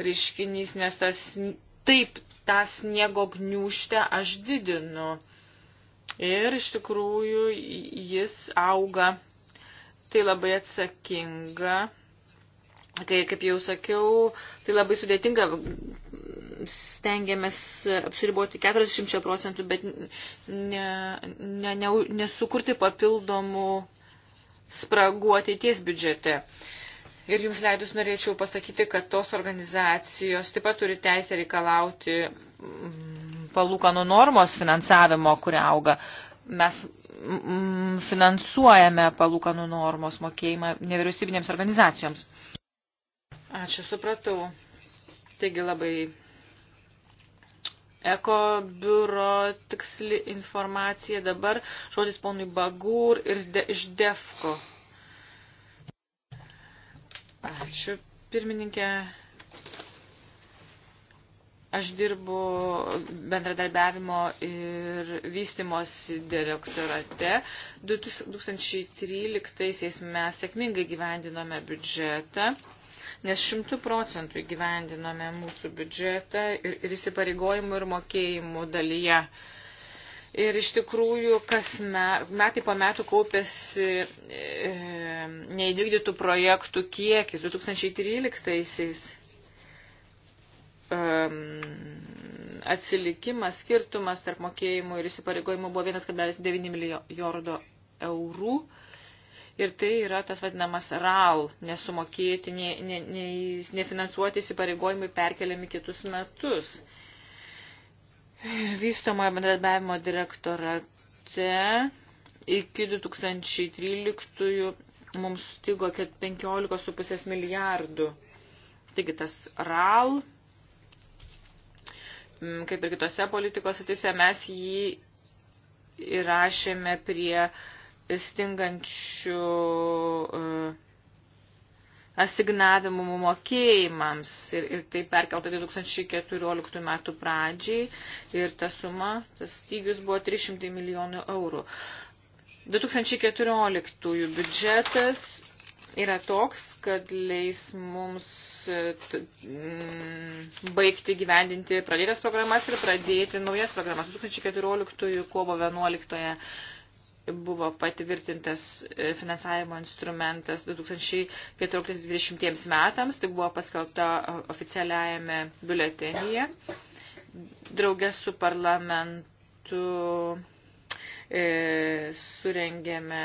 reiškinys, nes tas taip tą sniego gniūštę aš didinu. Ir iš tikrųjų jis auga. Tai labai atsakinga. Tai, kaip jau sakiau, tai labai sudėtinga. Stengiamės apsiriboti 40 procentų, bet ne, ne, ne, nesukurti papildomų spragų ateities biudžete. Uh, Ir jums leidus norėčiau pasakyti, kad tos organizacijos taip pat turi teisę reikalauti mm, palūkanų normos finansavimo, kuri auga. Mes mm, finansuojame palūkanų normos mokėjimą nevyriausybinėms organizacijoms. Ačiū, supratau. Taigi labai Eko biuro tiksli informacija dabar. Žodis ponui Bagūr ir de, iš Defko. Ačiū, pirmininkė. Aš dirbu bendradarbiavimo ir vystimos direktorate. 2013 mes sėkmingai gyvendinome biudžetą, nes šimtų procentų gyvendinome mūsų biudžetą ir, ir įsipareigojimų ir mokėjimų dalyje. Uh, Ir iš tikrųjų, kas me, metai po metų kaupėsi e, neįvykdytų projektų kiekis 2013-aisiais. Um, atsilikimas, skirtumas tarp mokėjimų ir įsipareigojimų buvo 1,9 milijardo eurų. Ir tai yra tas vadinamas RAL, nesumokėti, ne, ne, ne, nefinansuoti įsipareigojimai perkeliami kitus metus vystomojo bendradarbiavimo direktorate iki 2013 mums stigo 15,5 milijardų. Taigi tas RAL, mm, kaip ir kitose politikos atise, mes jį įrašėme prie stingančių uh, asignavimų mokėjimams ir, ir tai perkelta 2014 metų pradžiai ir ta suma, tas stygius buvo 300 milijonų eurų. 2014 biudžetas yra toks, kad leis mums e, baigti gyvendinti pradėtas programas ir pradėti naujas programas. 2014 kovo 11 buvo patvirtintas e, finansavimo instrumentas 2014-2020 metams, tai buvo paskelbta e, oficialiajame biuletenyje. Draugės su parlamentu e, surengėme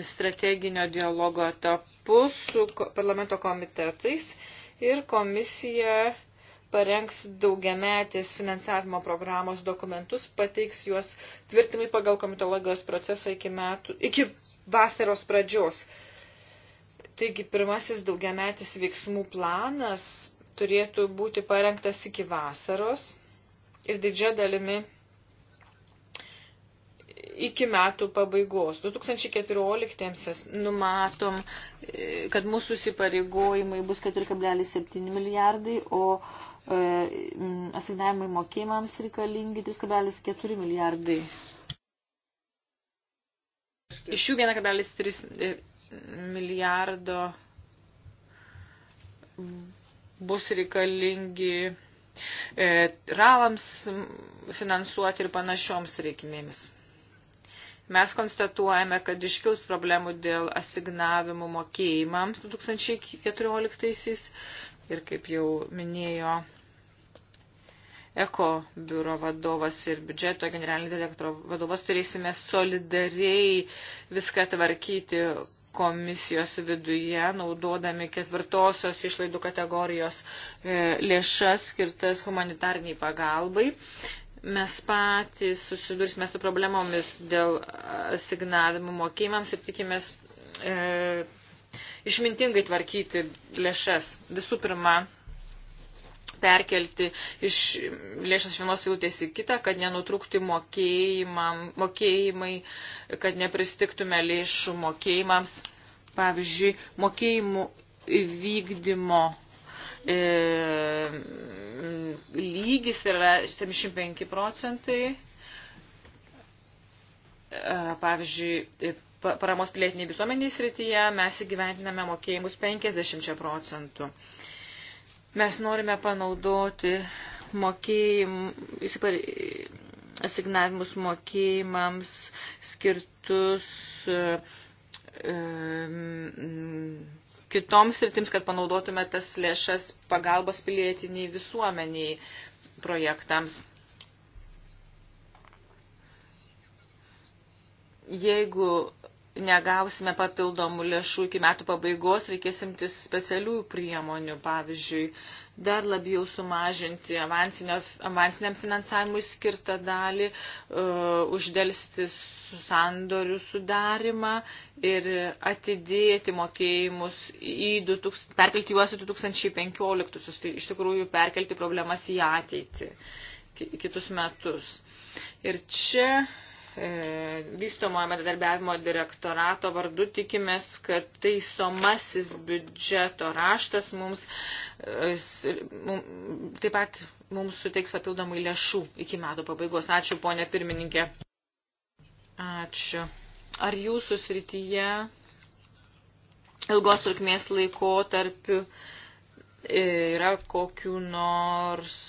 strateginio dialogo etapus su parlamento komitetais ir komisija parengs daugiametės finansavimo programos dokumentus, pateiks juos tvirtimai pagal komitologijos procesą iki, metų, iki vasaros pradžios. Taigi pirmasis daugiametis veiksmų planas turėtų būti parengtas iki vasaros ir didžia dalimi iki metų pabaigos. 2014 numatom, e, kad mūsų įsipareigojimai bus 4,7 milijardai, o e, asignavimai mokėjimams reikalingi 3,4 milijardai. Iš jų 1,3 e, milijardo bus reikalingi ralams finansuoti ir panašioms reikmėms. Mes konstatuojame, kad iškils problemų dėl asignavimų mokėjimams 2014 ir kaip jau minėjo Eko biuro vadovas ir biudžeto generalinio direktoro vadovas turėsime solidariai viską tvarkyti komisijos viduje, naudodami ketvirtosios išlaidų kategorijos e, lėšas skirtas humanitarniai pagalbai mes patys susidursime su problemomis dėl asignavimų mokėjimams ir tikimės e, išmintingai tvarkyti lėšas. Visų pirma, perkelti iš lėšas vienos eilutės į kitą, kad nenutrūkti mokėjimai, kad nepristiktume lėšų mokėjimams. Pavyzdžiui, mokėjimų įvykdymo E, lygis yra 75 procentai. E, pavyzdžiui, e, paramos pilietiniai visuomeniai srityje mes įgyventiname mokėjimus 50 procentų. Mes norime panaudoti mokėjim, asignavimus mokėjimams skirtus um, kitoms sritims, kad panaudotume tas lėšas pagalbos pilietiniai visuomeniai projektams. Jeigu negausime papildomų lėšų iki metų pabaigos, reikės imtis specialių priemonių, pavyzdžiui, dar labiau sumažinti avansiniam finansavimui skirtą dalį, uh, uždelsti sandorių sudarimą ir atidėti mokėjimus į 2000, perkelti juos į 2015, tai iš tikrųjų perkelti problemas į ateitį, kitus metus. Ir čia E, vystomojo medarbiavimo direktorato vardu tikimės, kad taisomasis biudžeto raštas mums e, taip pat mums suteiks papildomai lėšų iki metų pabaigos. Ačiū, ponė pirmininkė. Ačiū. Ar jūsų srityje ilgos trukmės laikotarpiu e, yra kokiu nors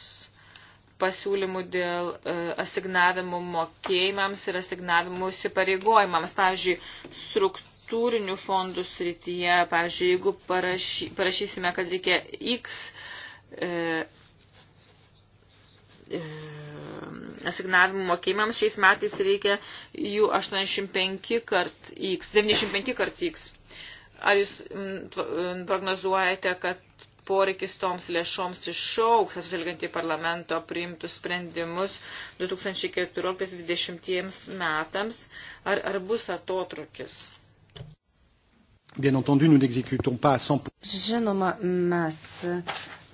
pasiūlymų dėl e, asignavimų mokėjimams ir asignavimų įsipareigojimams. Pavyzdžiui, struktūrinių fondų srityje, pavyzdžiui, jeigu parašy, parašysime, kad reikia X e, e, asignavimų mokėjimams, šiais metais reikia jų 85 kart X, 95 kart X. Ar jūs prognozuojate, kad poreikis toms lėšoms išauks, atsvelgiant į parlamento priimtus sprendimus 2014-2020 metams, ar, ar bus atotrukis? Bien entendu, nous n'exécutons pas à 100%. Žinoma, mes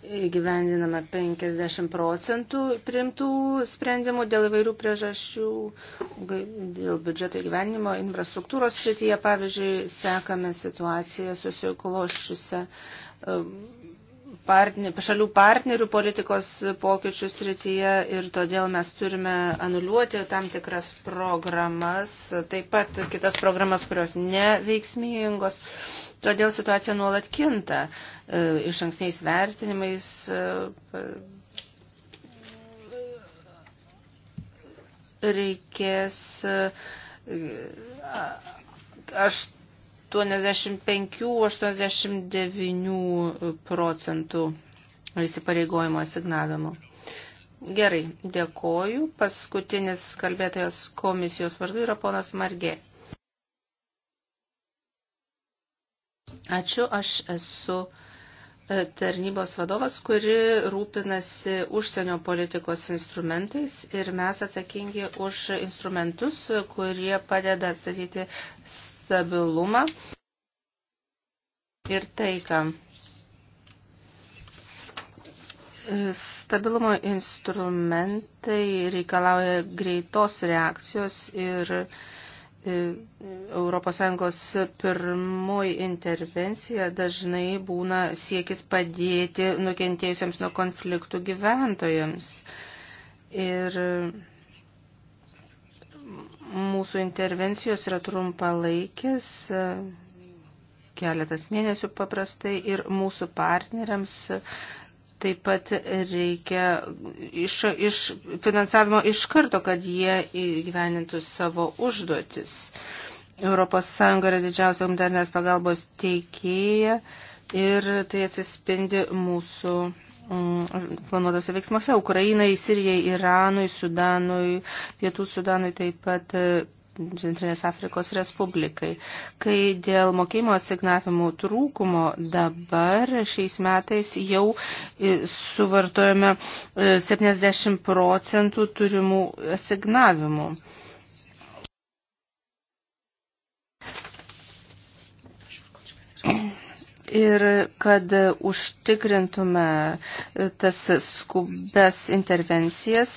įgyvendiname 50 procentų primtų sprendimų dėl įvairių priežasčių, dėl biudžeto įgyvendinimo, infrastruktūros srityje, pavyzdžiui, sekame situaciją susiklošiusią partner, šalių partnerių politikos pokyčių srityje ir todėl mes turime anuliuoti tam tikras programas, taip pat kitas programas, kurios neveiksmingos. Todėl situacija nuolat kinta e, iš anksniais vertinimais. E, reikės e, aš 85-89 procentų įsipareigojimo asignavimų. Gerai, dėkoju. Paskutinis kalbėtojas komisijos vardu yra ponas Margė. Ačiū, aš esu e, tarnybos vadovas, kuri rūpinasi užsienio politikos instrumentais ir mes atsakingi už instrumentus, kurie padeda atstatyti stabilumą ir taiką. Stabilumo instrumentai reikalauja greitos reakcijos ir ES pirmoji intervencija dažnai būna siekis padėti nukentėjusiems nuo konfliktų gyventojams. Ir Mūsų intervencijos yra trumpalaikės, keletas mėnesių paprastai ir mūsų partneriams taip pat reikia iš, iš finansavimo iš karto, kad jie įgyvenintų savo užduotis. ES yra didžiausia humanitarnės pagalbos teikėja ir tai atsispindi mūsų Mm, planuotose veiksmuose Ukrainai, Sirijai, Iranui, Sudanui, Pietų Sudanui taip pat e, Centrinės Afrikos Respublikai. Kai dėl mokėjimo asignavimų trūkumo dabar šiais metais jau e, suvartojame 70 e, procentų turimų asignavimų. ir kad užtikrintume tas skubes intervencijas,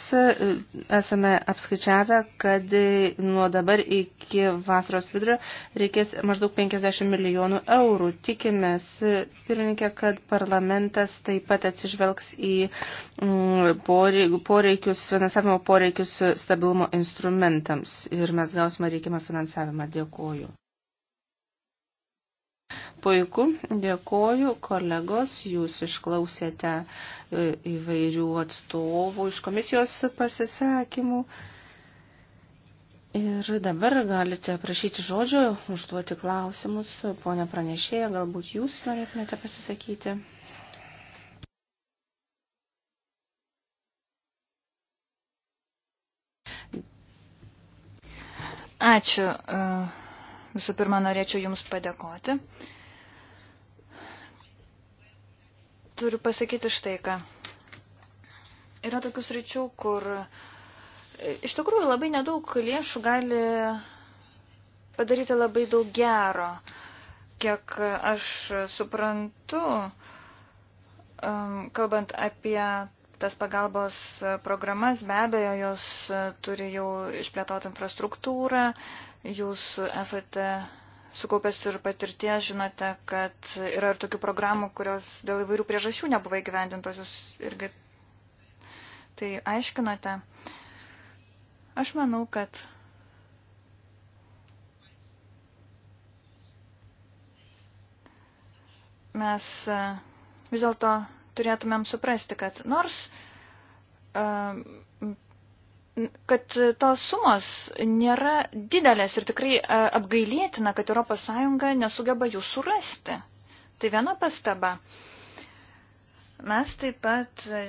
esame apskaičiavę, kad nuo dabar iki vasaros vidurio reikės maždaug 50 milijonų eurų. Tikimės, pirmininkė, kad parlamentas taip pat atsižvelgs į mm, poreikius, finansavimo poreikius stabilumo instrumentams ir mes gausime reikiamą finansavimą. Dėkuoju. Puiku, dėkoju kolegos, jūs išklausėte e, įvairių atstovų iš komisijos pasisakymų. Ir dabar galite prašyti žodžio, užduoti klausimus. Pone pranešėja, galbūt jūs norėtumėte pasisakyti. Ačiū. Uh Visų pirma, norėčiau Jums padėkoti. Turiu pasakyti štai ką. Yra tokius ryčių, kur e, iš tikrųjų labai nedaug lėšų gali padaryti labai daug gero. Kiek aš suprantu, kalbant apie tas pagalbos programas, be abejo, jos e, turi jau išplėtoti infrastruktūrą, jūs esate sukaupęs ir patirties, žinote, kad yra ir tokių programų, kurios dėl įvairių priežasčių nebuvo įgyvendintos, jūs irgi tai aiškinate. Aš manau, kad mes e, vis dėlto turėtumėm suprasti, kad nors kad tos sumos nėra didelės ir tikrai e, apgailėtina, kad ES nesugeba jų surasti. Tai viena pastaba. Mes taip pat e,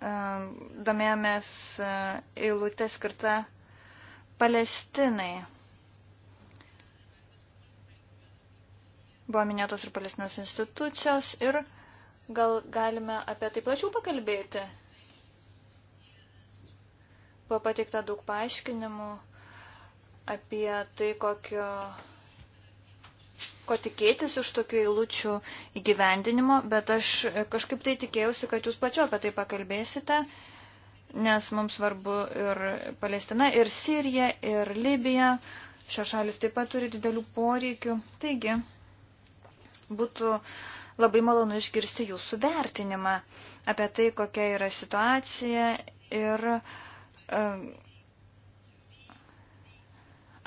e, domėjomės eilutę skirtą Palestinai. Buvo minėtos ir palestinos institucijos ir gal galime apie tai plačiau pakalbėti. Buvo pateikta daug paaiškinimų apie tai, kokio, ko tikėtis iš tokių eilučių įgyvendinimo, bet aš kažkaip tai tikėjausi, kad jūs plačiau apie tai pakalbėsite, nes mums svarbu ir Palestina, ir Sirija, ir Libija. Šios šalis taip pat turi didelių poreikių. Taigi, Būtų labai malonu išgirsti jūsų vertinimą apie tai, kokia yra situacija ir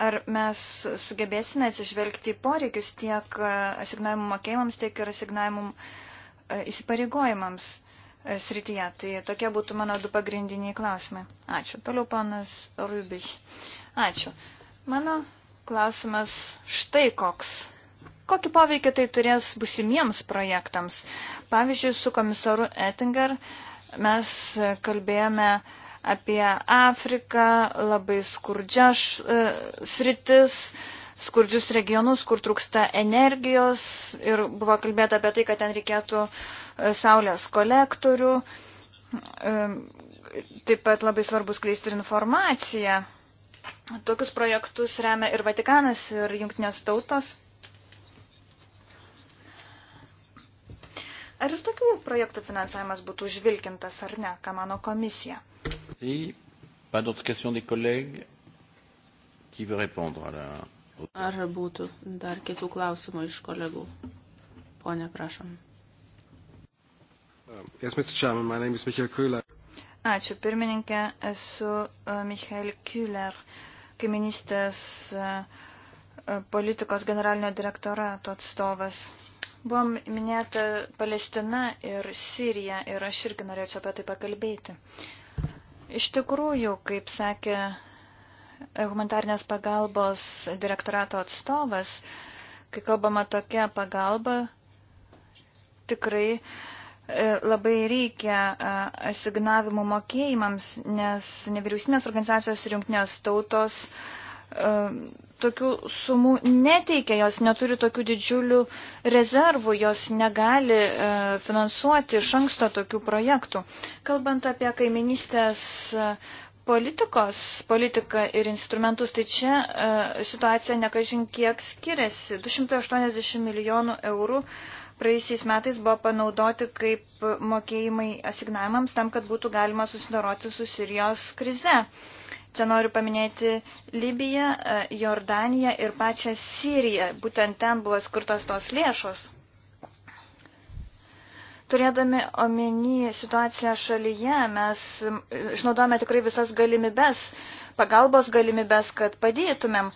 ar mes sugebėsime atsižvelgti į poreikius tiek e, asignavimų mokėjimams, tiek ir asignavimų e, įsipareigojimams e, srityje. Tai tokie būtų mano du pagrindiniai klausimai. Ačiū. Toliau panas Rubiš. Ačiū. Mano klausimas štai koks. Kokį poveikį tai turės busimiems projektams? Pavyzdžiui, su komisaru Ettinger mes kalbėjome apie Afriką, labai skurdžias e, sritis, skurdžius regionus, kur trūksta energijos ir buvo kalbėta apie tai, kad ten reikėtų e, saulės kolektorių. E, taip pat labai svarbus kleisti ir informaciją. Tokius projektus remia ir Vatikanas, ir jungtinės tautos. Ar ir tokių projektų finansavimas būtų užvilkintas ar ne, ką mano komisija? Ar būtų dar kitų klausimų iš kolegų? Pone, prašom. Um, yes, Mr. Chairman, my name is Michael Kuhler. Ačiū, pirmininkė, esu uh, Michael Kühler, kaiminystės uh, politikos generalinio direktorato atstovas. Buvo minėta Palestina ir Sirija ir aš irgi norėčiau apie tai pakalbėti. Iš tikrųjų, kaip sakė humanitarnės pagalbos direktorato atstovas, kai kalbama tokia pagalba, tikrai e, labai reikia e, asignavimų mokėjimams, nes nevyriausybinės organizacijos ir jungtinės tautos uh, tokių sumų neteikia, jos neturi tokių didžiulių rezervų, jos negali e, finansuoti iš anksto tokių projektų. Kalbant apie kaiminystės e, politikos, politiką ir instrumentus, tai čia e, situacija nekažin kiek skiriasi. 280 milijonų eurų praeisiais metais buvo panaudoti kaip mokėjimai asignavimams tam, kad būtų galima susidaroti su Sirijos krize. Čia noriu paminėti Libiją, e, Jordaniją ir pačią Siriją. Būtent ten buvo skirtos tos lėšos. Turėdami omeny situaciją šalyje, mes išnaudojame tikrai visas galimybes, pagalbos galimybes, kad padėtumėm.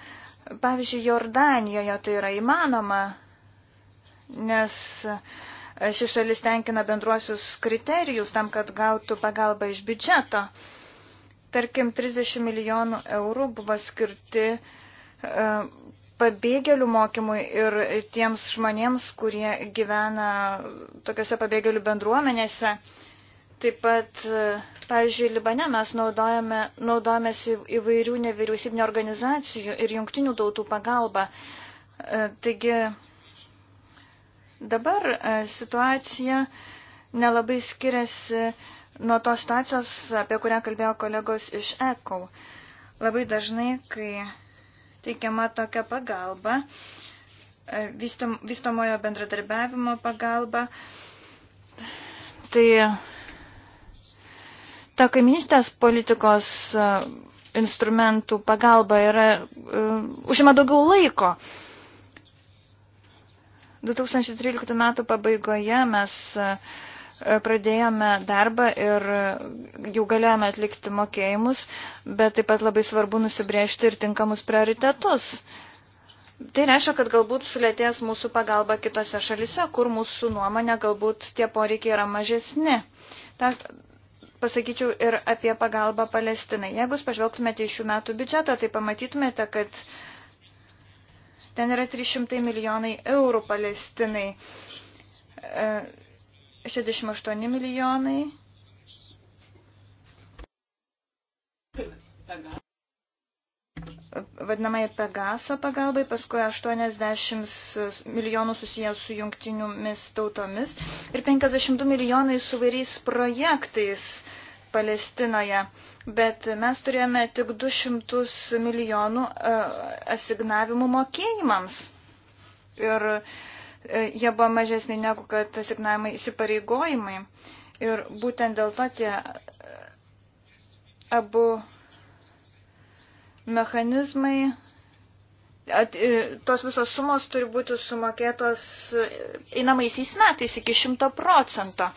Pavyzdžiui, Jordanijoje tai yra įmanoma, nes e, ši šalis tenkina bendruosius kriterijus tam, kad gautų pagalbą iš biudžeto. Uh, Tarkim, 30 milijonų eurų buvo skirti e, pabėgėlių mokymui ir tiems žmonėms, kurie gyvena tokiuose pabėgėlių bendruomenėse. Taip pat, e, pavyzdžiui, Libane mes naudojame, naudojame įvairių nevyriausybinio organizacijų ir jungtinių tautų pagalba. E, taigi dabar situacija nelabai skiriasi nuo tos situacijos, apie kurią kalbėjo kolegos iš ECO. Labai dažnai, kai teikiama tokia pagalba, e, vystomojo bendradarbiavimo pagalba, tai ta kaiminystės politikos e, instrumentų pagalba yra, e, užima daugiau laiko. 2013 metų pabaigoje mes uh, E, pradėjome darbą ir jau galėjome atlikti mokėjimus, bet taip pat labai svarbu nusibriežti ir tinkamus prioritetus. Tai reiškia, kad galbūt sulėties mūsų pagalba kitose šalise, kur mūsų nuomonė galbūt tie poreikiai yra mažesni. Ta, pasakyčiau ir apie pagalbą Palestinai. Jeigu jūs pažvelgtumėte į šių metų biudžetą, tai pamatytumėte, kad ten yra 300 milijonai eurų Palestinai. E, 68 milijonai. Vadinamai Pegaso pagalbai, paskui 80 milijonų susijęs su jungtiniumis tautomis ir 52 milijonai su vairiais projektais Palestinoje. Bet mes turėjome tik 200 milijonų e, asignavimų mokėjimams. Ir uh, E, jie buvo mažesni negu kad asignavimai įsipareigojimai. Ir būtent dėl to tie e, abu mechanizmai, at, e, tos visos sumos turi būti sumokėtos einamaisiais metais iki 100 procento.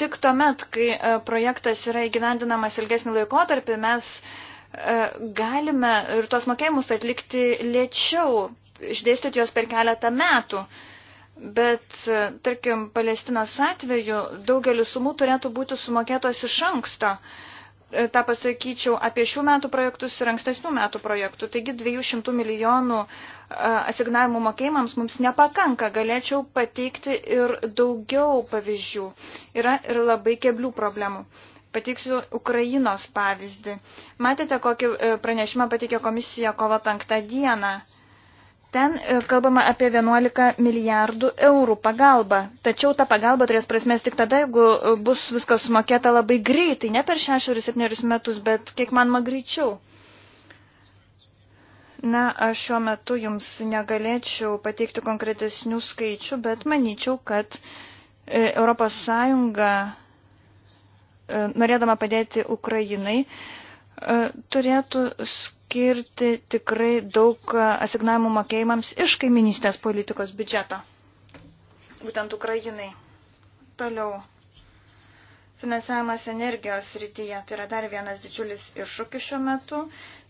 Tik tuomet, kai projektas yra įgyvendinamas ilgesnį laikotarpį, mes galime ir tos mokėjimus atlikti lėčiau, išdėstyti juos per keletą metų. Bet, tarkim, Palestinos atveju daugelis sumų turėtų būti sumokėtos iš anksto. E, Ta pasakyčiau apie šių metų projektus ir ankstesnių metų projektų. Taigi 200 milijonų e, asignavimų mokėjimams mums nepakanka. Galėčiau pateikti ir daugiau pavyzdžių. Yra ir labai keblių problemų. Pateiksiu Ukrainos pavyzdį. Matėte, kokį e, pranešimą pateikė komisija kovo penktą dieną. Ten e, kalbama apie 11 milijardų eurų pagalbą. Tačiau ta pagalba turės prasmės tik tada, jeigu e, bus viskas sumokėta labai greitai, ne per 6-7 metus, bet kiek manoma greičiau. Na, aš šiuo metu jums negalėčiau pateikti konkretesnių skaičių, bet manyčiau, kad ES e, norėdama padėti Ukrainai turėtų skirti skirti tikrai daug e, asignavimų mokėjimams iš kaiminystės politikos biudžeto. Būtent Ukrainai. Toliau. Finansavimas energijos rytyje. Tai yra dar vienas didžiulis iššūkis šiuo metu.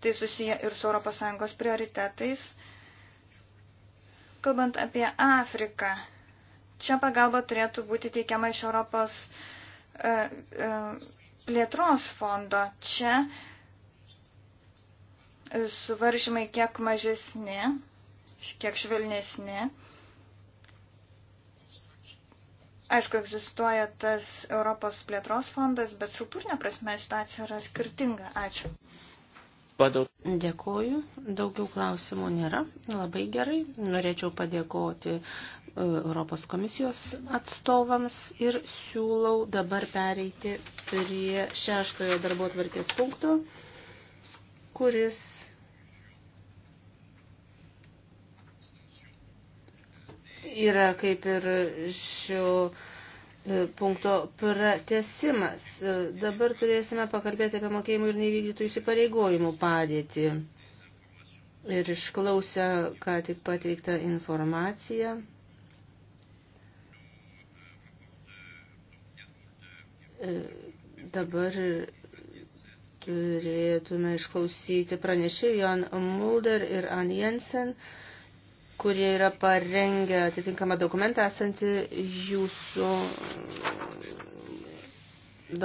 Tai susiję ir su ES prioritetais. Kalbant apie Afriką. Čia pagalba turėtų būti teikiama iš Europos uh, uh, plėtros fondo. Čia uh, suvaržymai kiek mažesni, kiek švelnesni. Aišku, egzistuoja tas Europos plėtros fondas, bet struktūrinė prasme situacija yra skirtinga. Ačiū. Dėkuoju, daugiau klausimų nėra. Labai gerai. Norėčiau padėkoti e, Europos komisijos atstovams ir siūlau dabar pereiti prie šeštojo darbo tvarkės punkto kuris yra kaip ir šio e, punkto pratesimas. E, dabar turėsime pakalbėti apie mokėjimų ir nevykdytų įsipareigojimų padėtį. Ir išklausę ką tik pateiktą informaciją. E, dabar turėtume išklausyti pranešėjų Jan Mulder ir Ann Jensen, kurie yra parengę atitinkamą dokumentą esantį jūsų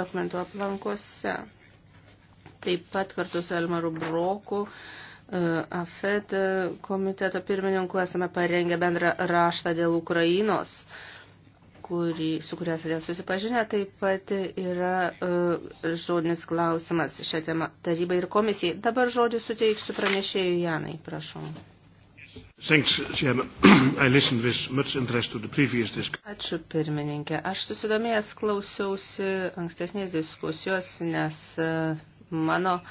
dokumentų aplankose. Taip pat kartu su Elmaru Broku, e, AFED komiteto pirmininku esame parengę bendrą raštą dėl Ukrainos kurį, su kuria esate susipažinę, taip pat yra uh, žodinis klausimas šią temą tarybai ir komisijai. Dabar žodį suteiksiu pranešėjui Janai, prašom. Thanks, Ačiū pirmininkė. Aš susidomėjęs klausiausi ankstesnės diskusijos, nes uh, mano uh,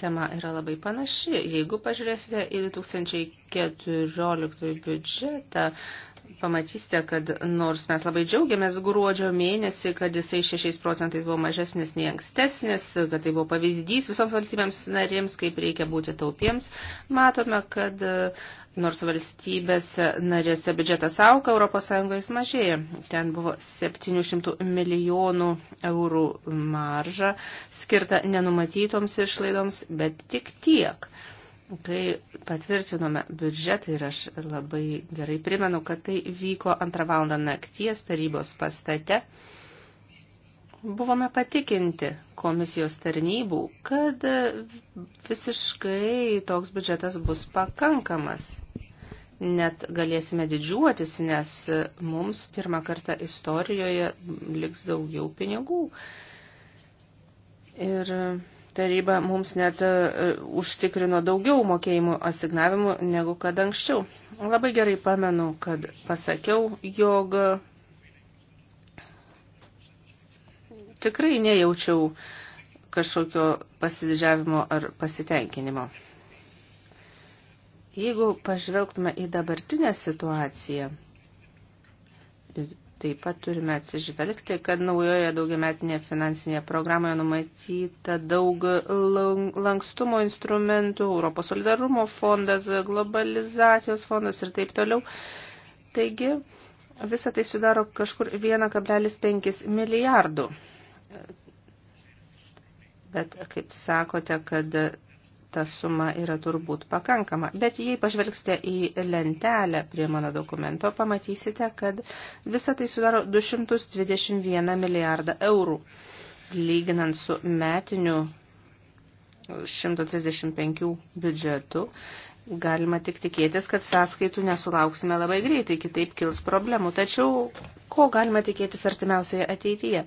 tema yra labai panaši. Jeigu pažiūrėsite į 2014 biudžetą, pamatysite, kad nors mes labai džiaugiamės gruodžio mėnesį, kad jisai 6 procentais buvo mažesnis nei ankstesnis, kad tai buvo pavyzdys visoms valstybėms narėms, kaip reikia būti taupiems, matome, kad e, nors valstybės narėse biudžetas auga, ES jis mažėja. Ten buvo 700 milijonų eurų marža skirta nenumatytoms išlaidoms, bet tik tiek kai patvirtinome biudžetą ir aš labai gerai primenu, kad tai vyko antrą valandą nakties tarybos pastate, buvome patikinti komisijos tarnybų, kad visiškai toks biudžetas bus pakankamas. Net galėsime didžiuotis, nes mums pirmą kartą istorijoje liks daugiau pinigų. Ir taryba mums net e, užtikrino daugiau mokėjimų asignavimų negu kad anksčiau. Labai gerai pamenu, kad pasakiau, jog tikrai nejaučiau kažkokio pasidžiavimo ar pasitenkinimo. Jeigu pažvelgtume į dabartinę situaciją, Taip pat turime atsižvelgti, kad naujoje daugiametinėje finansinėje programoje numatyta daug lankstumo instrumentų, Europos solidarumo fondas, globalizacijos fondas ir taip toliau. Taigi, visa tai sudaro kažkur 1,5 milijardų. Bet, kaip sakote, kad ta suma yra turbūt pakankama. Bet jei pažvelgsite į lentelę prie mano dokumento, pamatysite, kad visa tai sudaro 221 milijardą eurų, lyginant su metiniu 135 biudžetu. Galima tik tikėtis, kad sąskaitų nesulauksime labai greitai, kitaip kils problemų. Tačiau ko galima tikėtis artimiausioje ateityje?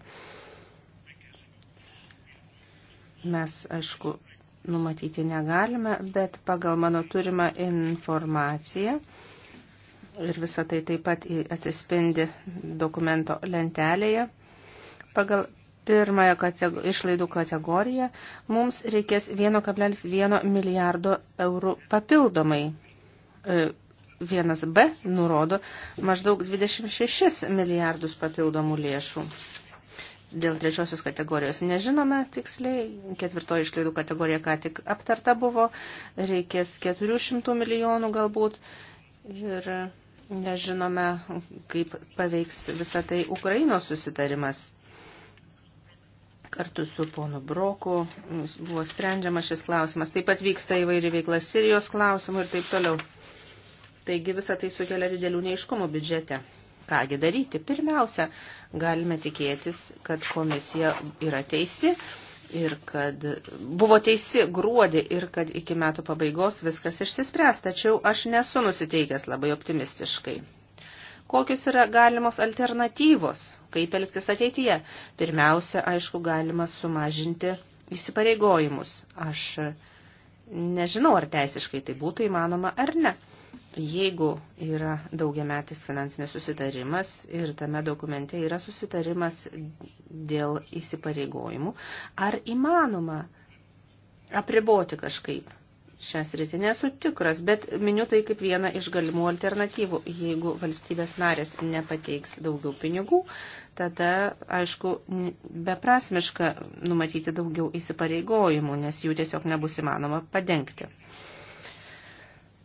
Mes, aišku, numatyti negalime, bet pagal mano turimą informaciją ir visą tai taip pat atsispindi dokumento lentelėje, pagal pirmąją kategor išlaidų kategoriją mums reikės 1,1 milijardo eurų papildomai. 1B e, nurodo maždaug 26 milijardus papildomų lėšų. Dėl trečiosios kategorijos nežinome tiksliai, ketvirtoji išlaidų kategorija ką tik aptarta buvo, reikės 400 milijonų galbūt ir nežinome, kaip paveiks visą tai Ukrainos susitarimas. Kartu su ponu Broku buvo sprendžiamas šis klausimas. Taip pat vyksta įvairi veikla Sirijos klausimų ir taip toliau. Taigi visą tai sukelia didelių neiškumų biudžete. Kągi daryti? Pirmiausia, galime tikėtis, kad komisija yra teisi ir kad buvo teisi gruodį ir kad iki metų pabaigos viskas išsispręs, tačiau aš nesu nusiteikęs labai optimistiškai. Kokios yra galimos alternatyvos, kaip elgtis ateityje? Pirmiausia, aišku, galima sumažinti įsipareigojimus. Aš Nežinau, ar teisiškai tai būtų įmanoma ar ne. Jeigu yra daugiametis finansinės susitarimas ir tame dokumente yra susitarimas dėl įsipareigojimų, ar įmanoma apriboti kažkaip šią sritį. Nesu tikras, bet miniu tai kaip vieną iš galimų alternatyvų. Jeigu valstybės narės nepateiks daugiau pinigų, tada, aišku, beprasmiška numatyti daugiau įsipareigojimų, nes jų tiesiog nebus įmanoma padengti.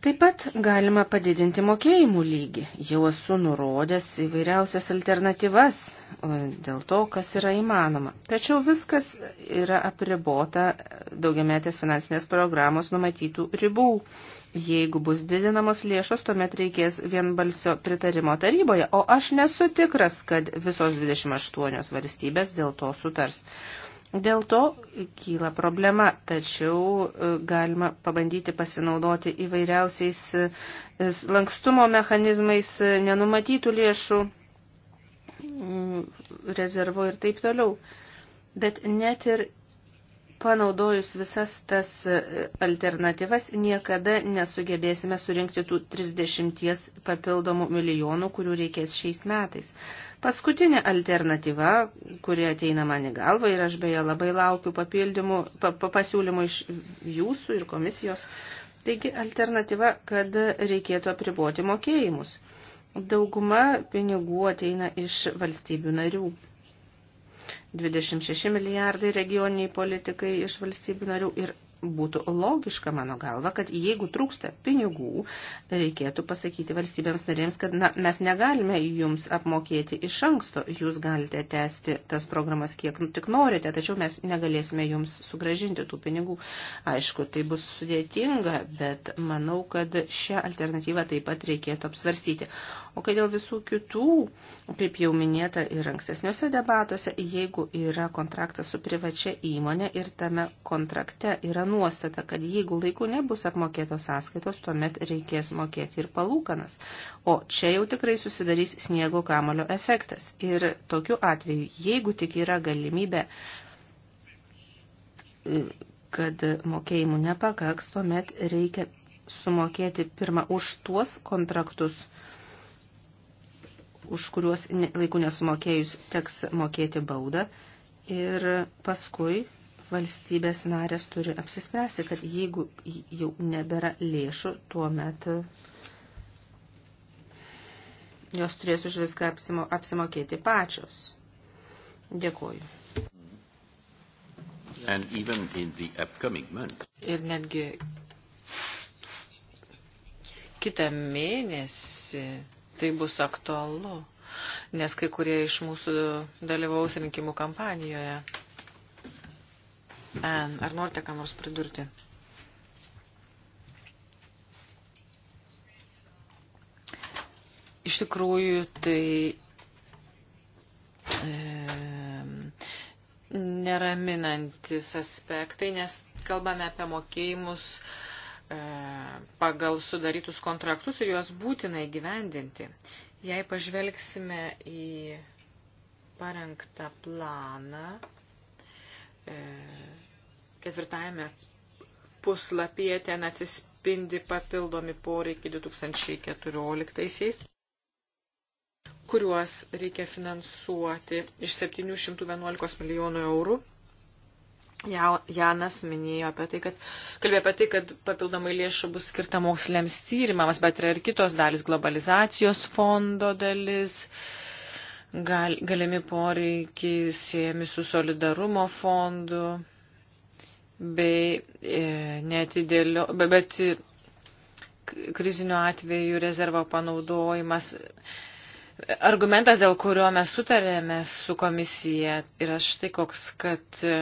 Taip pat galima padidinti mokėjimų lygį. Jau esu nurodęs įvairiausias alternatyvas dėl to, kas yra įmanoma. Tačiau viskas yra apribota daugiametės finansinės programos numatytų ribų. Jeigu bus didinamos lėšos, tuomet reikės vienbalsio pritarimo taryboje, o aš nesu tikras, kad visos 28 valstybės dėl to sutars. Dėl to kyla problema, tačiau e, galima pabandyti pasinaudoti įvairiausiais e, lankstumo mechanizmais e, nenumatytų lėšų mm, rezervo ir taip toliau. Bet net ir panaudojus visas tas alternatyvas, niekada nesugebėsime surinkti tų 30 papildomų milijonų, kurių reikės šiais metais. Paskutinė alternatyva, kuri ateina man į galvą ir aš beje labai laukiu papildymų, pa, pa, pasiūlymų iš jūsų ir komisijos. Taigi alternatyva, kad reikėtų apriboti mokėjimus. Dauguma pinigų ateina iš valstybių narių. 26 milijardai regioniniai politikai iš valstybių narių ir būtų logiška mano galva, kad jeigu trūksta pinigų, reikėtų pasakyti valstybėms narėms, kad na, mes negalime jums apmokėti iš anksto, jūs galite tęsti tas programas kiek tik norite, tačiau mes negalėsime jums sugražinti tų pinigų. Aišku, tai bus sudėtinga, bet manau, kad šią alternatyvą taip pat reikėtų apsvarstyti. O kai dėl visų kitų, kaip jau minėta ir ankstesniuose debatuose, jeigu yra kontraktas su privačia įmonė ir tame kontrakte yra nuostata, kad jeigu laiku nebus apmokėtos sąskaitos, tuomet reikės mokėti ir palūkanas. O čia jau tikrai susidarys sniego kamulio efektas. Ir tokiu atveju, jeigu tik yra galimybė kad mokėjimų nepakaks, tuomet reikia sumokėti pirmą už tuos kontraktus, už kuriuos laiku nesumokėjus teks mokėti baudą ir paskui valstybės narės turi apsispręsti, kad jeigu jau nebėra lėšų, tuomet e, jos turės už viską apsimo, apsimokėti pačios. Dėkuoju. Ir netgi kitą mėnesį tai bus aktualu, nes kai kurie iš mūsų dalyvaus rinkimų kampanijoje. Ar norite ką nors pridurti? Iš tikrųjų, tai e, neraminantis aspektai, nes kalbame apie mokėjimus e, pagal sudarytus kontraktus ir juos būtinai gyvendinti. Jei pažvelgsime į parengtą planą, e, Ketvirtajame puslapyje ten atsispindi papildomi poreikiai 2014-aisiais, kuriuos reikia finansuoti iš 711 milijonų eurų. Janas minėjo apie tai, kad kalbėjo apie tai, kad papildomai lėšų bus skirta moksliniams tyrimams, bet yra ir kitos dalis globalizacijos fondo dalis, gal, galimi poreikiai siejami su solidarumo fondu bei e, netidėlio, bet krizinio atveju rezervo panaudojimas. Argumentas, dėl kurio mes sutarėme su komisija, yra štai koks, kad e,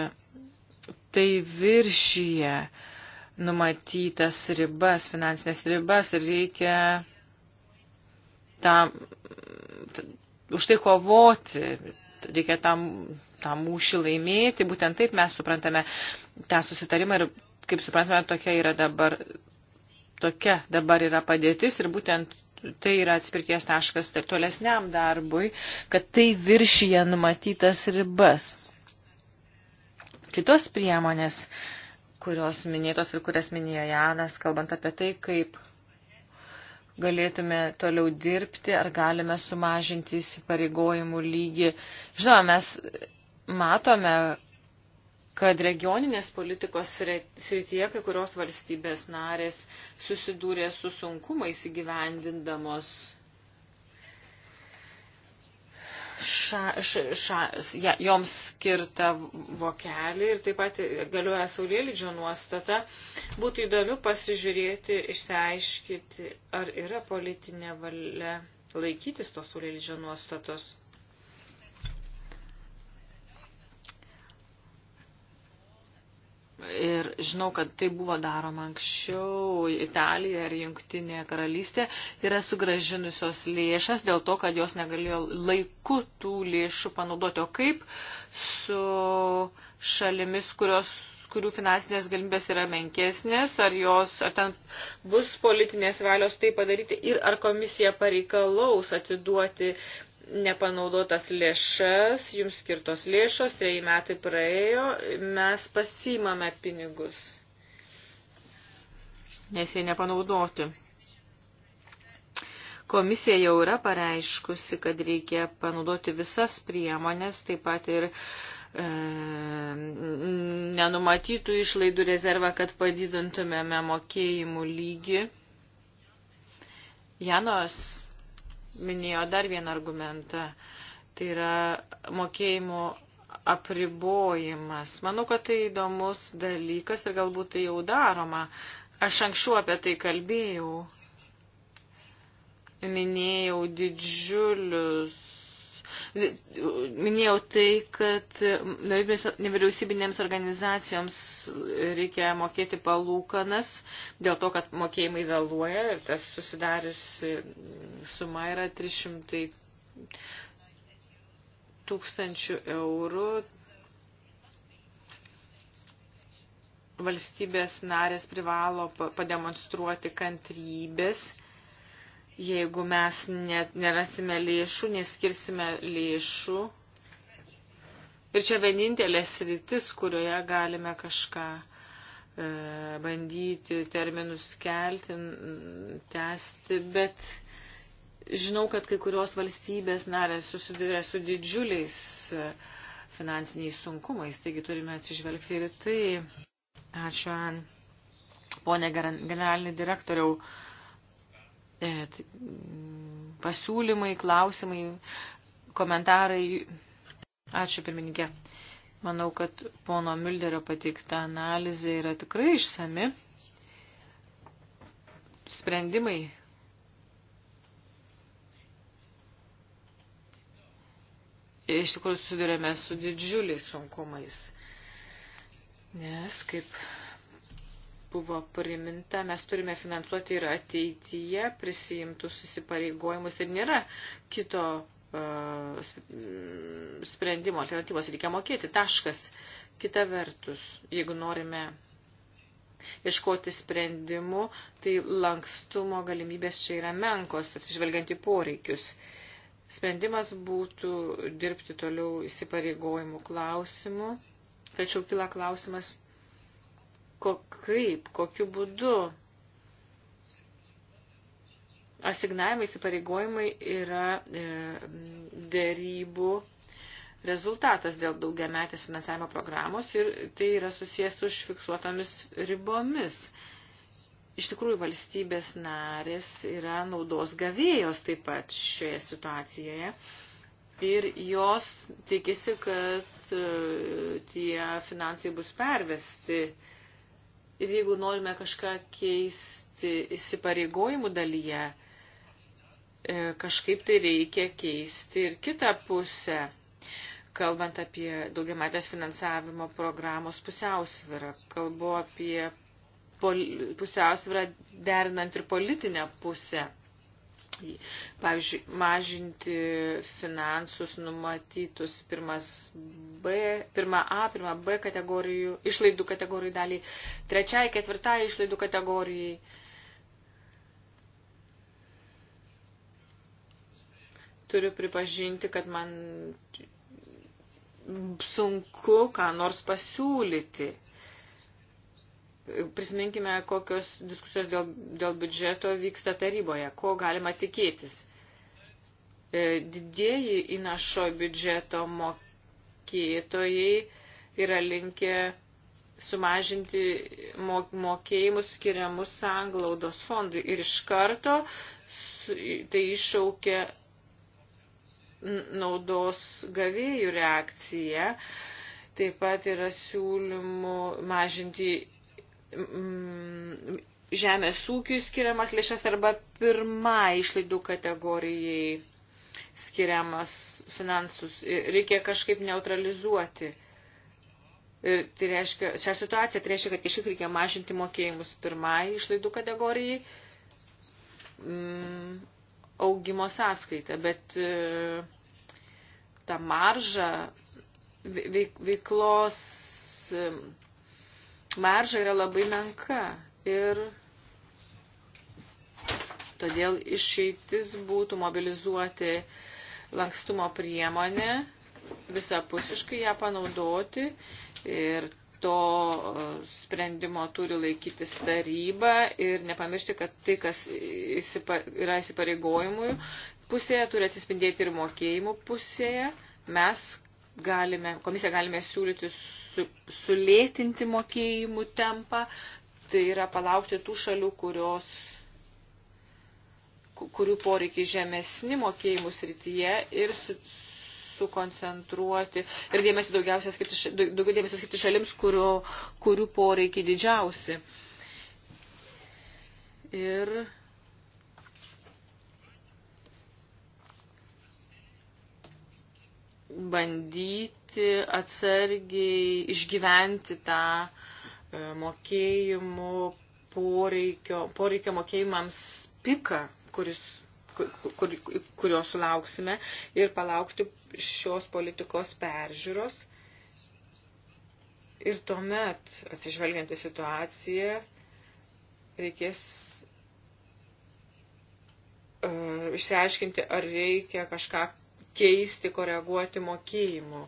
tai viršyje numatytas ribas, finansinės ribas ir reikia tam, už tai kovoti, reikia tam tą mūšį laimėti. Būtent taip mes suprantame tą susitarimą ir, kaip suprantame, tokia yra dabar, tokia dabar yra padėtis ir būtent tai yra atspirties taškas tolesniam darbui, kad tai viršyje numatytas ribas. Kitos priemonės, kurios minėtos ir kurias minėjo Janas, kalbant apie tai, kaip galėtume toliau dirbti, ar galime sumažinti įsipareigojimų lygį. Žinoma, mes matome, kad regioninės politikos srityje kai kurios valstybės narės susidūrė su sunkumais įgyvendindamos ša, ša, ša, ja, joms skirtą vokelį ir taip pat galioja saulėlydžio nuostata. Būtų įdomu pasižiūrėti, išsiaiškinti, ar yra politinė valia laikytis tos saulėlydžio nuostatos. Ir žinau, kad tai buvo daroma anksčiau. Italija ir Junktinė karalystė yra sugražinusios lėšas dėl to, kad jos negalėjo laiku tų lėšų panaudoti. O kaip su šalimis, kurios kurių finansinės galimybės yra menkesnės, ar jos, ar ten bus politinės valios tai padaryti ir ar komisija pareikalaus atiduoti nepanaudotas lėšas, jums skirtos lėšos, treji metai praėjo, mes pasimame pinigus, nes jie nepanaudoti. Komisija jau yra pareiškusi, kad reikia panaudoti visas priemonės, taip pat ir e, nenumatytų išlaidų rezervą, kad padidintumėme mokėjimų lygį. Janos minėjo dar vieną argumentą. Tai yra mokėjimų apribojimas. Manau, kad tai įdomus dalykas ir galbūt tai jau daroma. Aš anksčiau apie tai kalbėjau. Minėjau didžiulius Minėjau tai, kad nevyriausybinėms organizacijoms reikia mokėti palūkanas dėl to, kad mokėjimai vėluoja ir tas susidarius mm, suma yra 300 tūkstančių eurų. Valstybės narės privalo pademonstruoti kantrybės Jeigu mes net nerasime lėšų, neskirsime lėšų. Ir čia vienintelė sritis, kurioje galime kažką e, bandyti, terminus kelti, tęsti, bet žinau, kad kai kurios valstybės narės susiduria su didžiuliais e, finansiniais sunkumais, taigi turime atsižvelgti ir tai. Ačiū, An. Pone generalinį direktoriau, E, pasiūlymai, klausimai, komentarai. Ačiū pirmininkė. Manau, kad pono Mülderio pateikta analizė yra tikrai išsami. Sprendimai. Iš tikrųjų susidurėme su didžiuliais sunkumais. Nes, kaip buvo priminta, mes turime finansuoti ir ateityje prisijimtus įsipareigojimus ir nėra kito uh, sprendimo alternatyvos, reikia mokėti, taškas. Kita vertus, jeigu norime iškoti sprendimų, tai lankstumo galimybės čia yra menkos, atsižvelgiant į poreikius. Sprendimas būtų dirbti toliau įsipareigojimų klausimų, tačiau kila klausimas, ko, kaip, kokiu būdu asignavimai, įsipareigojimai yra e, dėrybų rezultatas dėl daugiametės finansavimo programos ir tai yra susijęs su užfiksuotomis ribomis. Iš tikrųjų, valstybės narės yra naudos gavėjos taip pat šioje situacijoje ir jos tikisi, kad e, tie finansai bus pervesti e, Ir jeigu norime kažką keisti įsipareigojimų dalyje, e, kažkaip tai reikia keisti ir kitą pusę, kalbant apie daugiamatės finansavimo programos pusiausvyrą. Kalbu apie pusiausvyrą derinant ir politinę pusę. Pavyzdžiui, mažinti finansus numatytus pirmas B, pirmą A, pirmą B kategorijų, išlaidų kategorijų daliai, trečiai, ketvirtai išlaidų kategorijai. Turiu pripažinti, kad man sunku ką nors pasiūlyti Prisiminkime, kokios diskusijos dėl, dėl biudžeto vyksta taryboje, ko galima tikėtis. E, didieji įnašo biudžeto mokėtojai yra linkę sumažinti mokėjimus skiriamus sanglaudos fondui ir iš karto tai iššaukia naudos gavėjų reakcija. Taip pat yra siūlymų mažinti mm, žemės ūkiui skiriamas lėšas arba pirmai išlaidų kategorijai skiriamas finansus. Reikia kažkaip neutralizuoti. Ir tai reiškia, šią situaciją tai reiškia, kad kažkaip reikia mažinti mokėjimus pirmai išlaidų kategorijai mm, augimo sąskaitą, bet e, ta marža veiklos e, marža yra labai menka ir todėl išeitis būtų mobilizuoti lankstumo priemonę, visapusiškai ją panaudoti ir to e, sprendimo turi laikytis taryba ir nepamiršti, kad tai, kas yra įsipareigojimui pusėje, turi atsispindėti ir mokėjimų pusėje. Mes galime, komisija galime siūlyti su, sulėtinti mokėjimų tempą, tai yra palaukti tų šalių, kurios kurių poreikiai žemesni mokėjimų srityje ir su, sukoncentruoti ir dėmesį daugiausia skirti, daugiau dėmesio skirti šalims, kurio, kurių poreikiai didžiausi. Ir bandyti atsargiai išgyventi tą e, mokėjimų poreikio, poreikio mokėjimams piką, kuris, kur, kur, kurio sulauksime ir palaukti šios politikos peržiūros. Ir tuomet, atsižvelgiant į situaciją, reikės uh, išsiaiškinti, ar reikia kažką keisti, koreguoti mokėjimų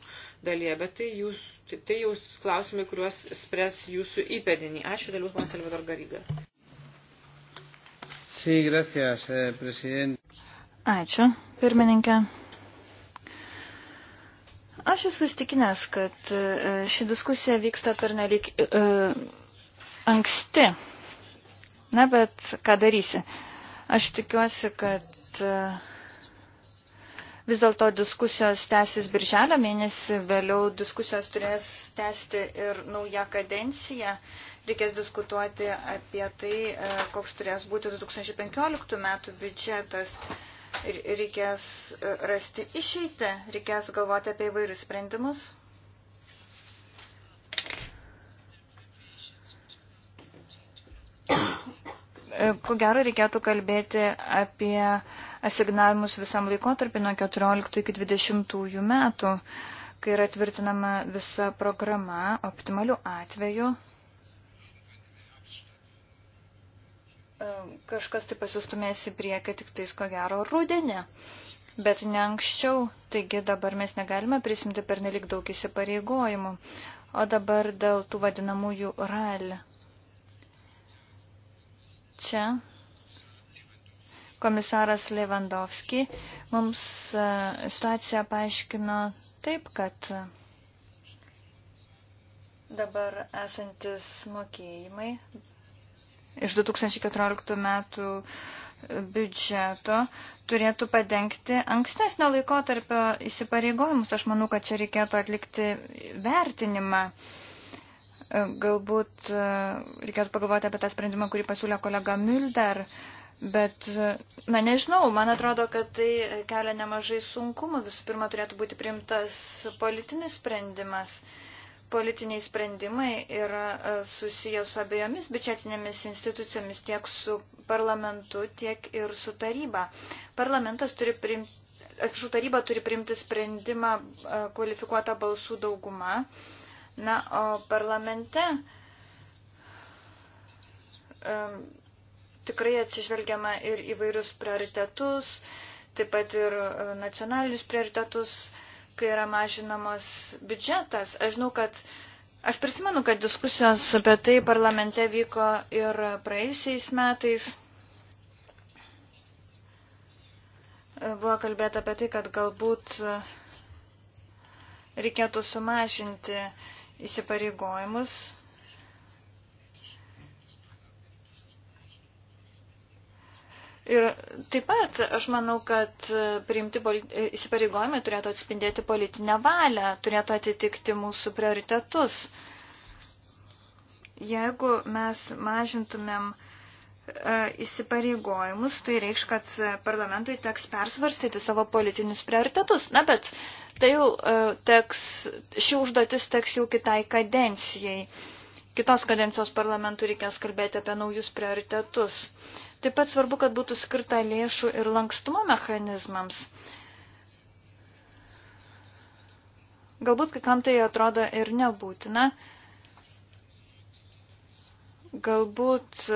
dalyje, bet tai, jūs, tai, tai jau klausimai, kuriuos spres jūsų įpėdiniai. Ačiū, dalyvus man Salvador Garyga. Sí, gracias, eh, president. Ačiū, pirmininkė. Aš esu įstikinęs, kad e, ši diskusija vyksta per nelik uh, e, anksti. Na, bet ką darysi? Aš tikiuosi, kad uh, Vis dėlto diskusijos tęsis birželio mėnesį, vėliau diskusijos turės tęsti ir naują kadenciją. Reikės diskutuoti apie tai, e, koks turės būti 2015 metų biudžetas. Reikės e, rasti išeitį, reikės galvoti apie įvairius sprendimus. E, ko gero reikėtų kalbėti apie asignavimus visam laikotarpį nuo 14 iki 20 metų, kai yra tvirtinama visa programa optimalių atveju. E, kažkas tai pasistumės į priekį tik tais ko gero rudenį, bet ne anksčiau, taigi dabar mes negalime prisimti per nelik daug įsipareigojimų. O dabar dėl tų vadinamųjų RAL čia komisaras Levandovski mums e, situaciją paaiškino taip, kad dabar esantis mokėjimai iš 2014 metų biudžeto turėtų padengti ankstesnio laikotarpio įsipareigojimus. Aš manau, kad čia reikėtų atlikti vertinimą. Uh, Galbūt e, reikėtų pagalvoti apie tą sprendimą, kurį pasiūlė kolega Milder, bet, e, na nežinau, man atrodo, kad tai kelia nemažai sunkumų. Visų pirma, turėtų būti priimtas politinis sprendimas. Politiniai sprendimai yra e, susiję su abiejomis biudžetinėmis institucijomis, tiek su parlamentu, tiek ir su taryba. Parlamentas turi priimti atsiprašau, taryba turi priimti sprendimą kvalifikuotą balsų daugumą. Na, o parlamente um, tikrai atsižvelgiama ir įvairius prioritetus, taip pat ir e, nacionalinius prioritetus, kai yra mažinamas biudžetas. Aš žinau, kad aš prisimenu, kad diskusijos apie tai parlamente vyko ir praėjusiais metais. E, buvo kalbėta apie tai, kad galbūt e, reikėtų sumažinti uh, įsipareigojimus. Ir taip pat aš manau, kad priimti įsipareigojimai turėtų atspindėti politinę valią, turėtų atitikti mūsų prioritetus. Jeigu mes mažintumėm uh, E, įsipareigojimus, tai reikš, kad parlamentui teks persvarstyti savo politinius prioritetus. Na, bet tai jau e, teks, ši užduotis teks jau kitai kadencijai. Kitos kadencijos parlamentui reikės kalbėti apie naujus prioritetus. Taip pat svarbu, kad būtų skirta lėšų ir lankstumo mechanizmams. Galbūt kai kam tai atrodo ir nebūtina. Galbūt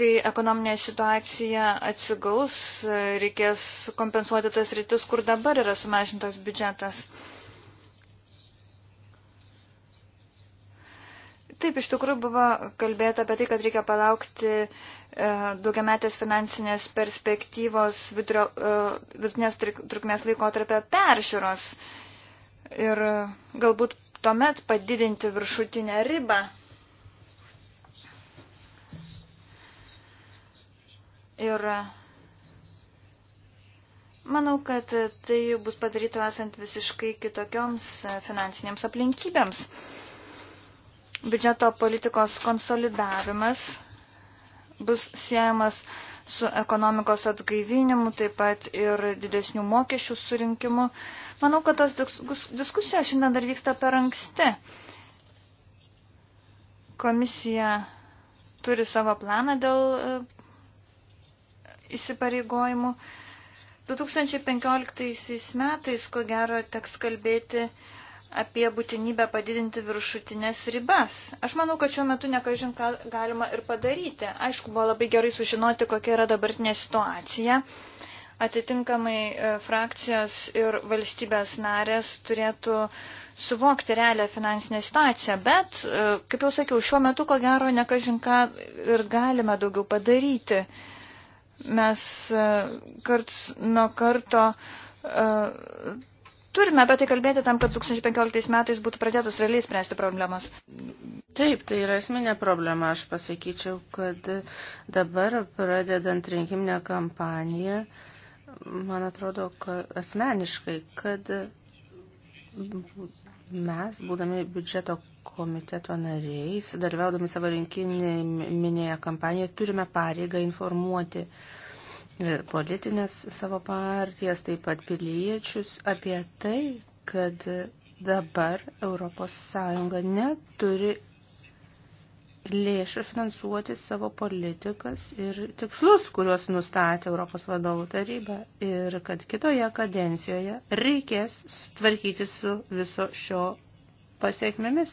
kai ekonominė situacija atsigaus, reikės kompensuoti tas rytis, kur dabar yra sumažintas biudžetas. Taip, iš tikrųjų buvo kalbėta apie tai, kad reikia palaukti e, daugiametės finansinės perspektyvos vidurio, e, vidutinės trukmės laikotarpio peržiūros ir e, galbūt tuomet padidinti viršutinę ribą Ir manau, kad tai bus padaryta esant visiškai kitokioms finansinėms aplinkybėms. Biudžeto politikos konsolidavimas bus siejamas su ekonomikos atgaivinimu, taip pat ir didesnių mokesčių surinkimu. Manau, kad tos diskusijos šiandien dar vyksta per anksti. Komisija turi savo planą dėl įsipareigojimų. 2015 metais, ko gero, teks kalbėti apie būtinybę padidinti viršutinės ribas. Aš manau, kad šiuo metu nekažin ką galima ir padaryti. Aišku, buvo labai gerai sužinoti, kokia yra dabartinė situacija. Atitinkamai e, frakcijos ir valstybės narės turėtų suvokti realią finansinę situaciją, bet, e, kaip jau sakiau, šiuo metu, ko gero, nekažin ką ir galime daugiau padaryti. Uh, Mes e, karts nuo karto uh, turime apie tai kalbėti tam, kad 2015 metais būtų pradėtos realiai spręsti problemas. Taip, tai yra esminė problema. Aš pasakyčiau, kad dabar pradedant rinkiminę kampaniją, man atrodo, kad asmeniškai, kad mes, būdami biudžeto komiteto nariais, dalyvaudami savo rinkiminėje kampanijoje, turime pareigą informuoti politinės savo partijas, taip pat piliečius apie tai, kad dabar Europos Sąjunga neturi lėšų finansuoti savo politikas ir tikslus, kuriuos nustatė Europos vadovų taryba ir kad kitoje kadencijoje reikės tvarkyti su viso šio pasiekmėmis.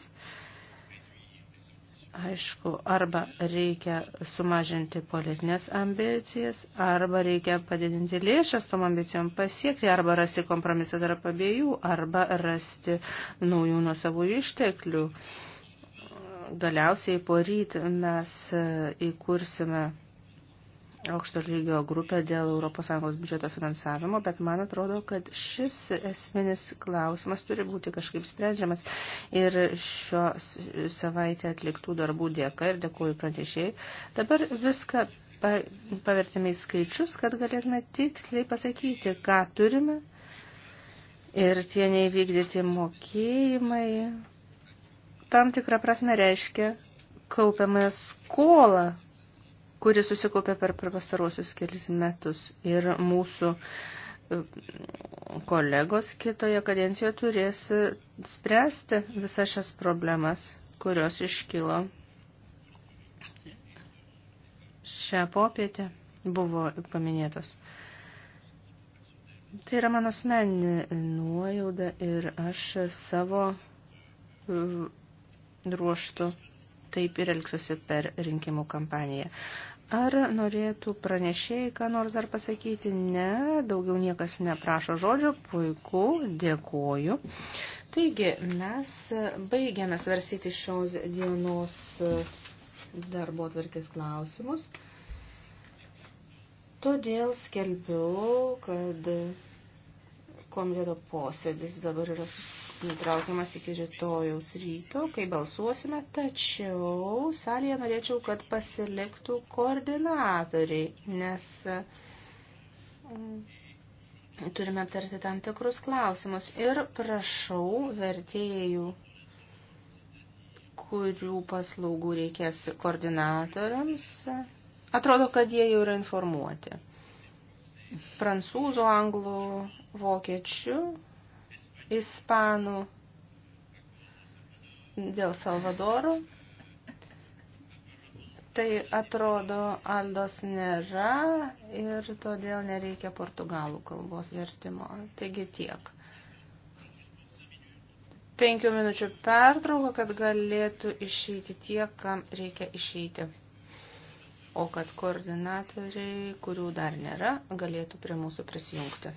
Aišku, arba reikia sumažinti politinės ambicijas, arba reikia padidinti lėšas tom ambicijom pasiekti, arba rasti kompromisą tarp abiejų, arba rasti naujų nuo savų išteklių. Galiausiai po ryt mes įkursime aukšto lygio grupę dėl ES biudžeto finansavimo, bet man atrodo, kad šis esminis klausimas turi būti kažkaip sprendžiamas ir šios savaitę atliktų darbų dėka ir dėkuoju pranešėjai. Dabar viską pavertėme į skaičius, kad galėtume tiksliai pasakyti, ką turime ir tie neįvykdyti mokėjimai tam tikrą prasme reiškia kaupiamą skolą kuris susikaupė per pastaruosius kelis metus. Ir mūsų e, kolegos kitoje kadencijoje turės e, spręsti visas šias problemas, kurios iškilo šią popietę buvo paminėtos. Tai yra mano asmeninė nuojauda ir aš savo e, ruoštų taip ir elgsiuosi per rinkimų kampaniją. Ar norėtų pranešėjai, ką nors dar pasakyti? Ne, daugiau niekas neprašo žodžio, puiku, dėkoju. Taigi, mes baigiame svarstyti šios dienos darbo atvarkės klausimus. Todėl skelbiu, kad komiteto posėdis dabar yra susitikęs nutraukiamas iki rytojaus ryto, kai balsuosime, tačiau salėje norėčiau, kad pasiliktų koordinatoriai, nes e, turime aptarti tam tikrus klausimus ir prašau vertėjų kurių paslaugų reikės koordinatoriams. Atrodo, kad jie jau yra informuoti. Prancūzų, anglų, vokiečių ispanų dėl Salvadoro. Tai atrodo, Aldos nėra ir todėl nereikia portugalų kalbos vertimo. Taigi tiek. Penkių minučių pertrauka, kad galėtų išeiti tie, kam reikia išeiti. O kad koordinatoriai, kurių dar nėra, galėtų prie mūsų prisijungti.